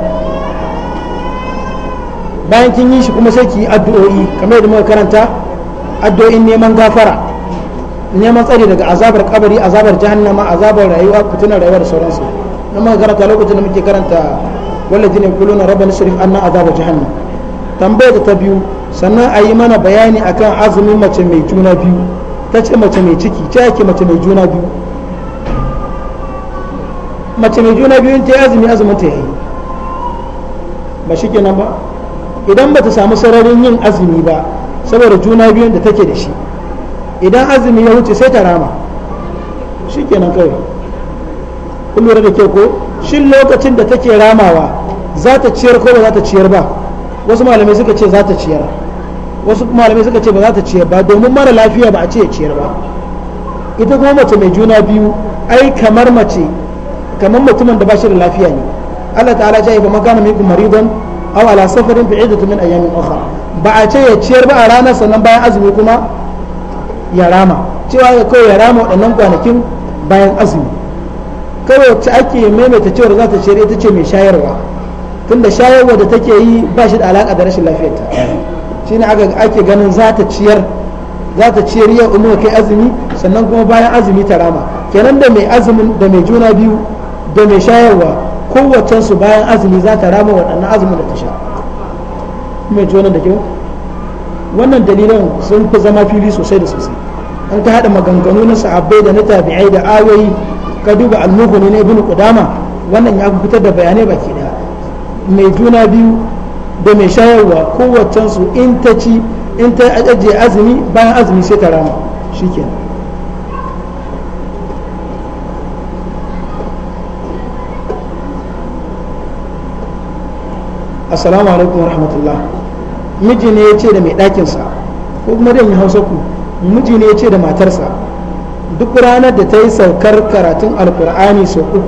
[SPEAKER 1] bayan kin yi shi kuma sai ki yi addu'o'i kamar yadda muka karanta addu'o'in neman gafara neman tsari daga azabar kabari azabar jahannama azabar rayuwa fitinar rayuwa da sauransu na muka karanta lokacin da muke karanta والذين يقولون ربنا اصرف عنا عذاب جهنم tambayar ta biyu sannan a yi mana bayani akan azumin mace mai juna biyu ta ce mace mai ciki ta yake mace mai juna biyu mace mai juna biyu ta yi azumi azumin ta yayi ba shi kenan ba idan ba ta samu sararin yin azumi ba saboda juna biyun da take da shi idan azumi ya wuce sai ta rama shi kenan kawai kun da ke ko shin lokacin da take ramawa za ta ciyar ko ba za ta ciyar ba wasu malamai suka ce za ta ciyar wasu malamai suka ce ba za ta ciyar ba domin mara lafiya ba a ce ya ciyar ba ita kuma mace mai juna biyu ai kamar mace kamar mutumin da ba shi da lafiya ne Allah ta'ala ya ba makana minkum maridan aw ala safarin bi'idatu min ayamin ukhra ba a ce ya ciyar ba a ranar sannan bayan azumi kuma ya rama cewa ya kawai ya rama waɗannan kwanakin bayan azumi kawai wacce ake maimaita cewar za ta shari'a ta ce mai shayarwa tunda shayarwa da take yi ba shi da alaka da rashin lafiyarta shi ne ake ganin za ta ciyar za ta yau umu kai azumi sannan kuma bayan azumi ta rama kenan da mai azumin da mai juna biyu da mai shayarwa kowace su bayan azumi za ta rama waɗannan azumin da ta sha mai juna da kyau wannan dalilan sun fi zama fili sosai da sosai an ka haɗa maganganu na sahabbai da na tabi'ai da ayoyi ka duba al ne na ibn qudama wannan ya fitar da bayanai baki daya mai juna biyu da mai shayarwa kowaccen su in ta ci in ta ajiye azumi bayan azumi sai ta rama shikenan assalamu alaikum rahmatullah miji ne ya ce da mai ɗakinsa ko kuma dan yi hausa ku miji ne ya ce da matarsa duk ranar da ta yi saukar karatun alkur'ani sau uku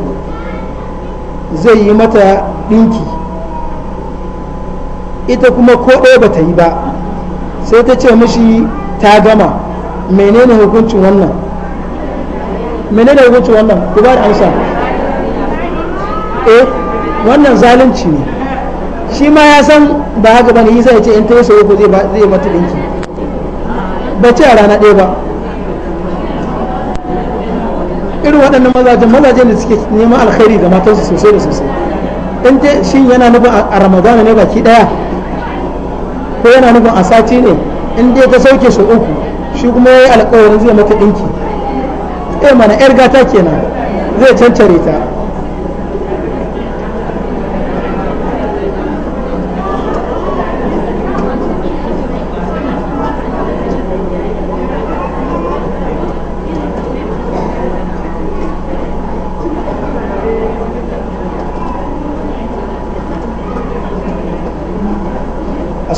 [SPEAKER 1] zai yi mata ɗinki ita kuma ko ɗaya ba ta yi ba sai ta ce mishi ta gama menene hukuncin wannan menene hukuncin wannan ku ba da amsa eh wannan zalunci ne shi ma ya san ba haka bane yi sai ya ce in ta yi sau uku zai mata ɗinki ba ce a rana ɗaya ba irin waɗannan mazajen mazajen da suke neman alkhairi ga matansu sosai da sosai in dai shin yana nufin a ramadana ne baki ɗaya ko yana nufin a sati ne in dai ta sauke su uku shi kuma ya yi alkawarin zai mata ɗinki eh mana yar gata kenan zai cancare ta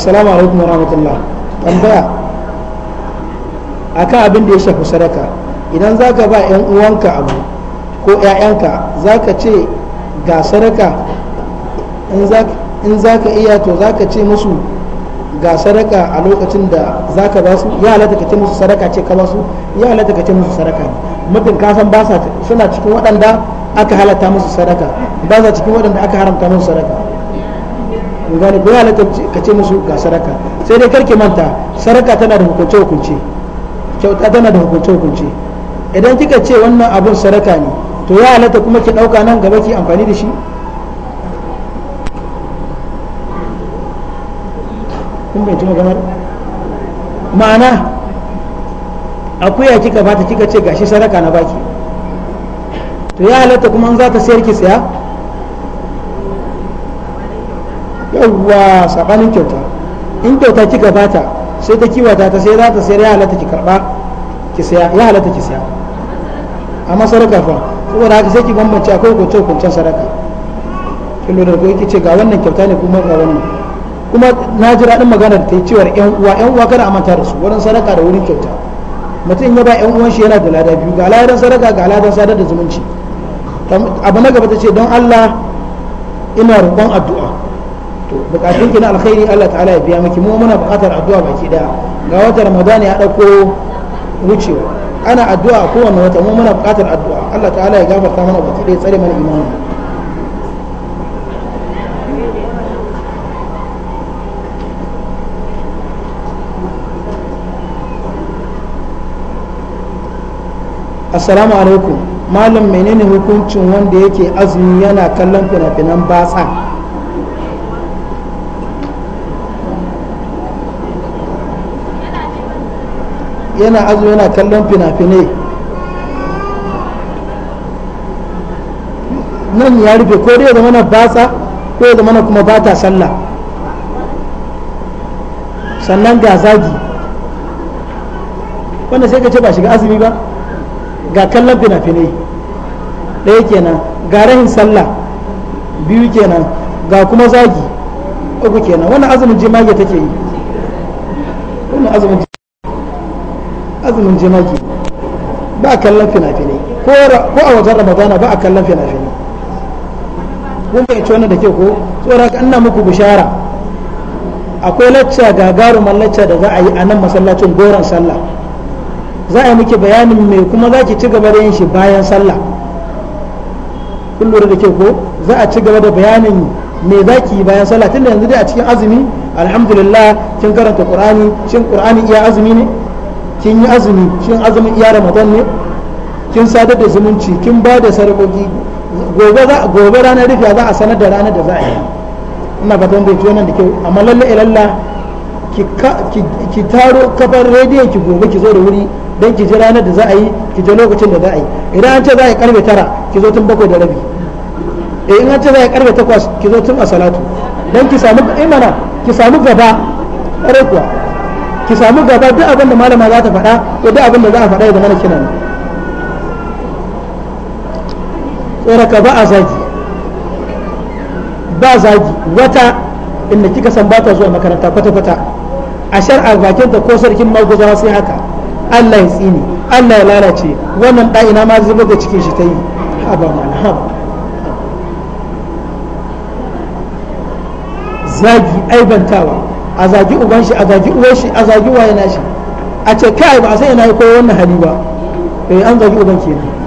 [SPEAKER 1] assalamu alaikum rahmatullah tambaya akan abin da ya shafi sadaka idan za ka ba 'yan uwanka abu ko 'ya'yanka za ka ce ga sadaka in za ka iya to za ka ce musu ga sadaka a lokacin da za ka ba su ya halatta ka ce musu sadaka ce ka ba su ya halatta ka ce musu sadaka mutum ka san ba suna cikin waɗanda aka halatta musu sadaka ba sa cikin waɗanda aka haramta musu sadaka kun gane ya halatta ka ce musu ga saraka sai dai karki manta saraka tana da hukunce hukunce kyauta tana da hukunce hukunce idan kika ce wannan abun saraka ne to ya lata kuma ki dauka nan gaba ki amfani da shi kun bai tuma gamar ma'ana akuya kika bata kika ce gashi saraka na baki to ya halatta kuma an za ta sayar ki tsaya yawwa sabanin kyauta in kyauta kika bata sai ta kiwata ta sai za ta sayar ya halatta ki karba ki saya ya halatta ki saya amma sadaka fa saboda haka sai ki bambance akwai kunce kuncen sadaka kin lura ko yake ce ga wannan kyauta ne kuma ga wannan kuma na ji daɗin magana da ta yi cewar yan uwa yan uwa kada a manta da su wurin sadaka da wurin kyauta mutum ya ba yan uwan shi yana da lada biyu ga ladan sadaka ga ladan sadar da zumunci abu na gaba ta ce don Allah ina roƙon addu'a to bukatun ki na alkhairi Allah ta'ala ya biya miki mu muna bukatar addu'a baki daya ga watan Ramadan ya dauko wucewa ana addu'a a kowanne wata mu muna bukatar addu'a Allah ta'ala ya gafarta mana baki daya tsare mana imani assalamu alaikum malam menene hukuncin wanda yake azumi yana kallon fina-finan batsa yana azu yana kallon fina-finai nan ya rufe ko dai zama na batsa ko ya zama kuma kuma bata sallah sannan ga zagi wanda sai ka ce ba shiga azumi ba ga kallon fina-finai ɗaya kenan ga rahin sallah biyu kenan ga kuma zagi uku kenan wannan azumin jimage take yi wannan azumin mun je maki ba kallon fina-finai ko a wajen ramadana ba a kallon fina-finai kun bai ci wannan da ke ko tsoron ka ina muku bishara akwai lacca gagarumar lacca da za a yi a nan masallacin goron sallah za a yi muke bayanin mai kuma za ki ci gaba da yin shi bayan sallah kun da ke ko za a ci gaba da bayanin me za ki yi bayan sallah tunda yanzu dai a cikin azumi alhamdulillah kin karanta qur'ani shin qur'ani iya azumi ne kin yi azumi shin azumin iya ramadan ne kin sadar da zumunci kin ba da sarƙoƙi gobe ranar rufiya za a sanar da ranar da za a yi ina fatan da wannan da kyau amma lalle ilalla ki taro kafar rediyon ki gobe ki zo da wuri don ki ji ranar da za a yi ki ji lokacin da za a yi idan an ce za a yi karfe tara ki zo tun bakwai da rabi e in an ce za a yi karfe takwas ki zo tun a salatu don ki samu imana eh, ki samu gaba ƙwarai kuwa ki samu gaba duk abin da malama za ta faɗa da duk abin da za a faɗa ya mana na tsoraka ba a zagi ba zagi wata inda kika san bata zuwa makaranta kwata-kwata a shar'a ta ko sarkin maguzawa sai haka Allah ya tsini Allah ya lalace wannan ɗa'ina ma zuba da cikin shi ta yi haba mana haba zagi aibantawa a zagi uban shi a zagi uwar shi a zagi waye shi a ce kai ba a san yana yi ko wannan hali ba eh an zagi uban kenan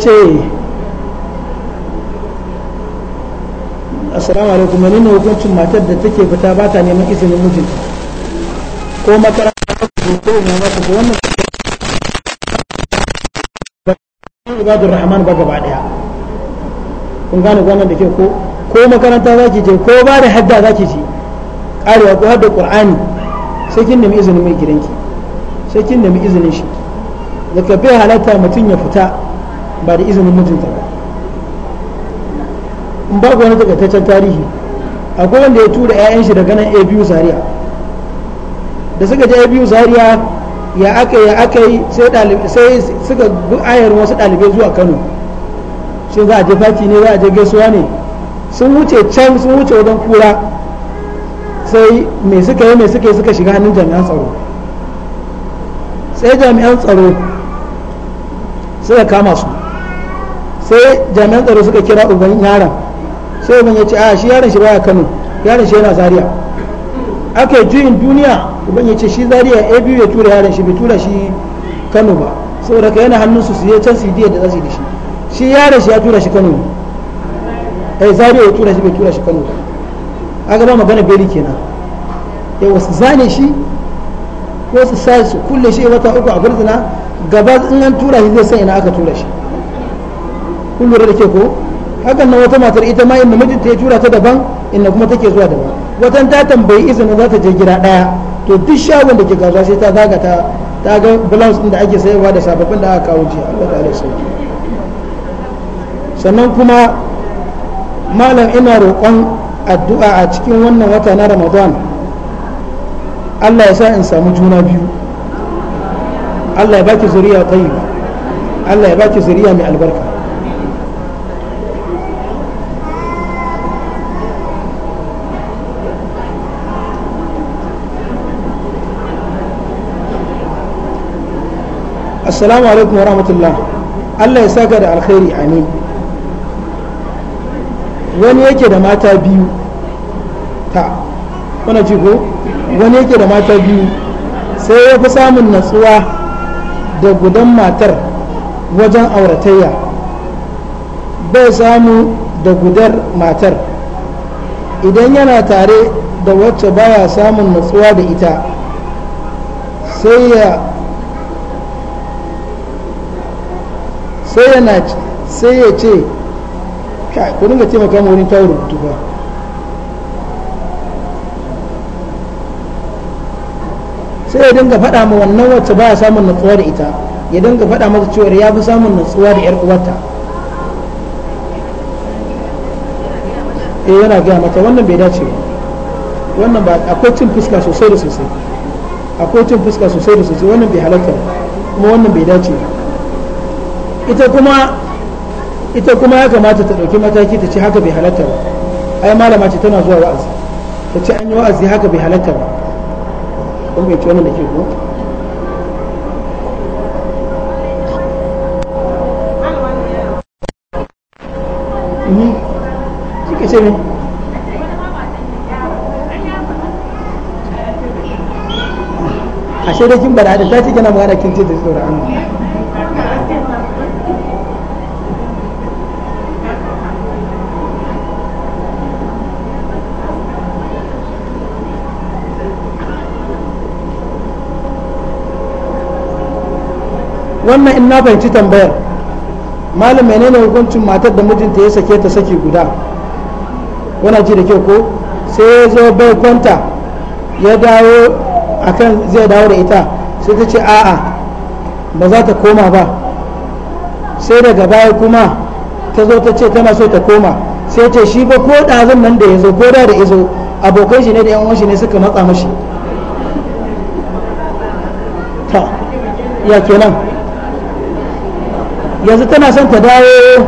[SPEAKER 1] ce assalamu alaikum mai nuna hukuncin matar da take fita ba ta neman izinin mijin ko makara ta makaranta ko ina masu ko wannan ibadur rahman ba gaba daya kun gane wannan da ke ko ko makaranta za ki je ko ba da hadda za ki je karewa ko hadda qur'ani sai kin nemi izinin mai gidanki sai kin nemi izinin shi daga bai halatta mutum ya fita ba da izinin mijinta ba in ba wani takaitaccen tarihi akwai wanda ya tura 'ya'yan shi daga nan a biyu zaria da suka je a biyu zaria ya aka ya aka yi sai suka ayar wasu ɗalibai zuwa kano shi za a je fati ne za a je gaisuwa ne sun wuce can sun wuce wajen kura sai me suka yi me suka yi suka shiga hannun jami'an tsaro sai jami'an tsaro suka kama su sai jami'an tsaro suka kira uban yaron sai uban ya ce a ah, shi yaron shi baya kano yaron shi yana zaria aka yi juyin duniya uban ya ce shi zaria a biyu ya tura yaron shi bai tura shi kano ba saboda ka yana hannun su je can su yi da zasu yi da shi shi yaron shi ya tura shi kano eh zaria ya tura shi bai tura shi kano ba a gaba magana beli kenan ya wasu zane shi ko su sa su kulle shi wata uku a gurzuna gaba in an tura shi zai san ina aka tura shi kun lura da ke ko hakan nan wata matar ita ma inda ta ya tura ta daban inda kuma take zuwa daban watan ta tambayi izinin za ta je gida daya to duk shagon da ke kasuwa sai ta zaga ta ta ga blouse din da ake sayarwa da sababbin da aka kawo jiya Allah ta'ala sauki sannan kuma malam ina roƙon addu'a a cikin wannan wata na Ramadan Allah ya sa in samu juna biyu Allah ya baki zuriya tayyiba Allah ya baki zuriya mai albarka assalamu alaikum wa rahmatullah Allah ya saka da alkhairi amin wani yake da mata biyu ta kuna ji ko wani yake da mata biyu sai ya fi samun natsuwa da gudan matar wajen auratayya bai samu da gudar matar idan yana tare da wacce baya samun natsuwa da ita sai ya sai yana sai ya ce ku dinga taimaka mu wurin kawo rubutu ba sai ya dinga faɗa ma wannan wacce ya samun natsuwa da ita ya dinga faɗa masa cewa ya fi samun natsuwa da 'yar uwarta eh yana gaya mata wannan bai dace ba wannan ba akwai cin fuska sosai da sosai akwai cin fuska sosai da sosai wannan bai halatta kuma wannan bai dace ba ita kuma ita kuma ya kamata ta ɗauki mataki ta ce haka bai halatta ba ai malama ce tana zuwa wa'azi ta ce an yi wa'azi haka bai halatta ba kun bai ci wannan da ke ko Kike ce Ashe da kin bada da ta ce kina magana kin ce da tsoron Allah. wannan in na fahimci tambayar malam menene hukuncin matar da mijinta ya sake ta saki guda wana ji da kyau ko sai ya zo bai kwanta ya dawo akan zai dawo da ita sai ta ce a'a ba za ta koma ba sai daga baya kuma ta zo ta ce tana so ta koma sai ce shi ba ko ɗazun nan da ya zo ko da da ya zo abokai shi ne da yan shi ne suka matsa mashi ta ya kenan yanzu tana son ta dawo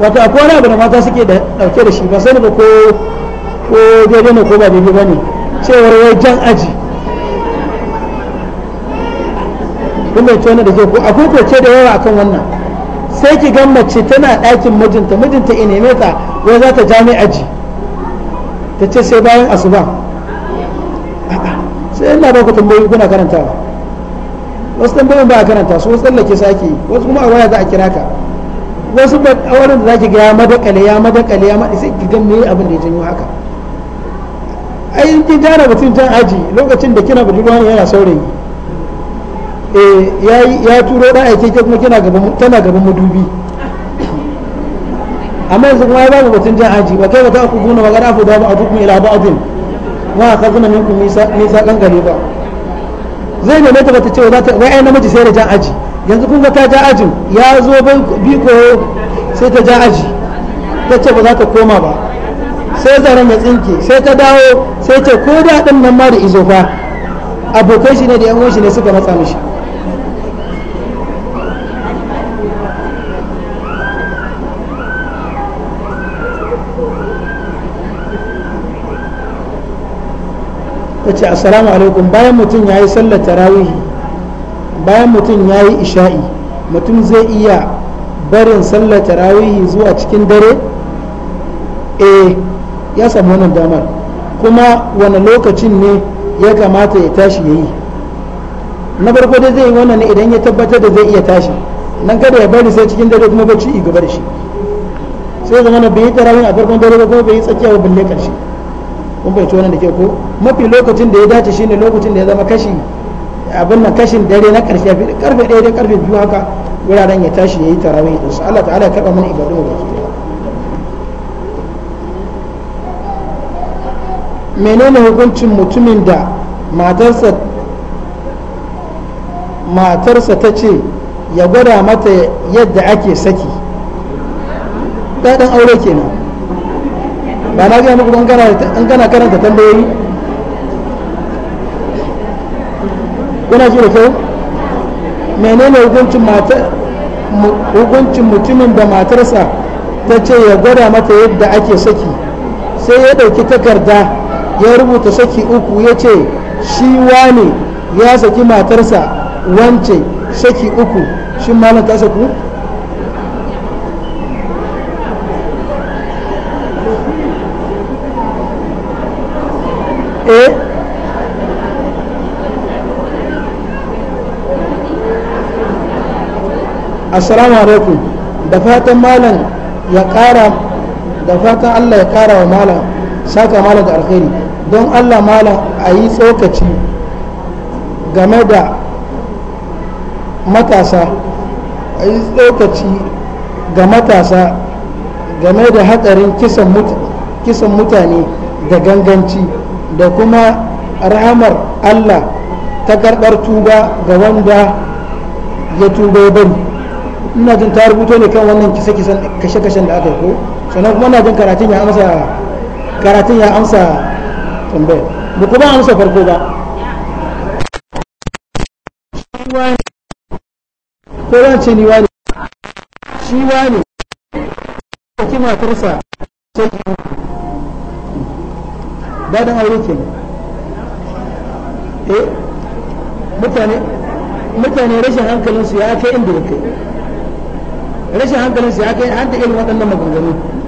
[SPEAKER 1] wato akwai wani abu da mata suke dauke da shi ba sani ba ko ko daidai ne ko ba daidai ba ne cewar wai jan aji kuma ce wani da ke ko akwai kwace da yawa akan wannan sai ki ga mace tana ɗakin mijinta mijinta ya neme ta wai za ta ja mai aji ta ce sai bayan asuba sai ina ba ku tambayi kuna karantawa wasu tambayoyin ba a karanta su wasu tsallake sake wasu kuma a waya za a kira ka wasu a wurin da zaki ga ya madakale ya madakale ya madakale sai ki ganni abin da ya janyo haka ai in kin tara mutum ta aji lokacin da kina budurwa yana saurayi eh yayi ya turo da aiki ke kuma kina gaban tana gaban madubi amma yanzu kuma ya mu mutum jan aji ba kai ba ta ku guna wa garafu da ba a dukkan ila ba'din wa akhadna minkum misa misa kan gare ba zai ne ta bata cewa wai ai namiji sai da jan aji yanzu kun ga ta ja ajin ya zo biko sai ta ja aji ta ce ba za ta koma ba sai zaren ya tsinke sai ta dawo sai ce ko da nan ma da izo fa abokai shi ne da yan shi ne suka matsa mishi ce assalamu alaikum bayan mutum ya yi sallar tarawihi bayan mutum ya yi isha'i mutum zai iya barin sallar tarawihi zuwa cikin dare e ya samu wannan damar kuma wani lokacin ne ya kamata ya tashi ya yi na farko dai zai yi wannan idan ya tabbatar da zai iya tashi nan kada ya bari sai cikin dare kuma bacci gaba da shi sai zama na bai yi tarawih a farkon dare ba kuma bai yi tsakiya ba balle karshe kun bai wannan da ke ko mafi lokacin da ya dace shine lokacin da ya zama kashi abin nan kashin dare na karshe karfe ɗaya da karfe biyu haka wuraren ya tashi ya yi yayi da din Allah ta'ala ya karba mana ibadun da ke menene hukuncin mutumin da matarsa matarsa ta ce ya gwada mata yadda ake saki ɗaɗin aure kenan ba na gaya muku an kana karanta tambayoyi kuna ji da kyau menene hukuncin hukuncin mutumin da matarsa ta ce ya gwada mata yadda ake saki sai ya ɗauki takarda ya rubuta saki uku ya ce shi wane ya saki matarsa wance saki uku shi malam ta saku assalamu alaikum da fatan malam ya kara da fatan allah ya kara wa malam saka malam da alkhairi don allah malam a yi tsokaci game da matasa a yi tsokaci ga matasa game da hatsarin kisan mutane da ganganci da kuma rahamar allah ta karɓar tuba ga wanda ya tuba bari ina jin ta rubuto ne kan wannan kisa kisan kashe kashen da aka yi ko sannan kuma na jin karatun ya amsa karatun ya amsa tambayar ba ku ba amsa farko ba ko zan ce niwa ne shi wa ne ki matarsa ta yi ba da aure ke eh mutane mutane rashin hankalinsu ya kai inda ya kai ليش hankalin sai aka yi an da irin waɗannan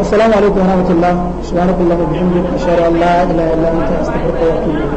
[SPEAKER 1] السلام عليكم ورحمة الله سبحانك اللهم وبحمدك أشهد أن لا إله إلا أنت أستغفرك وأتوب إليك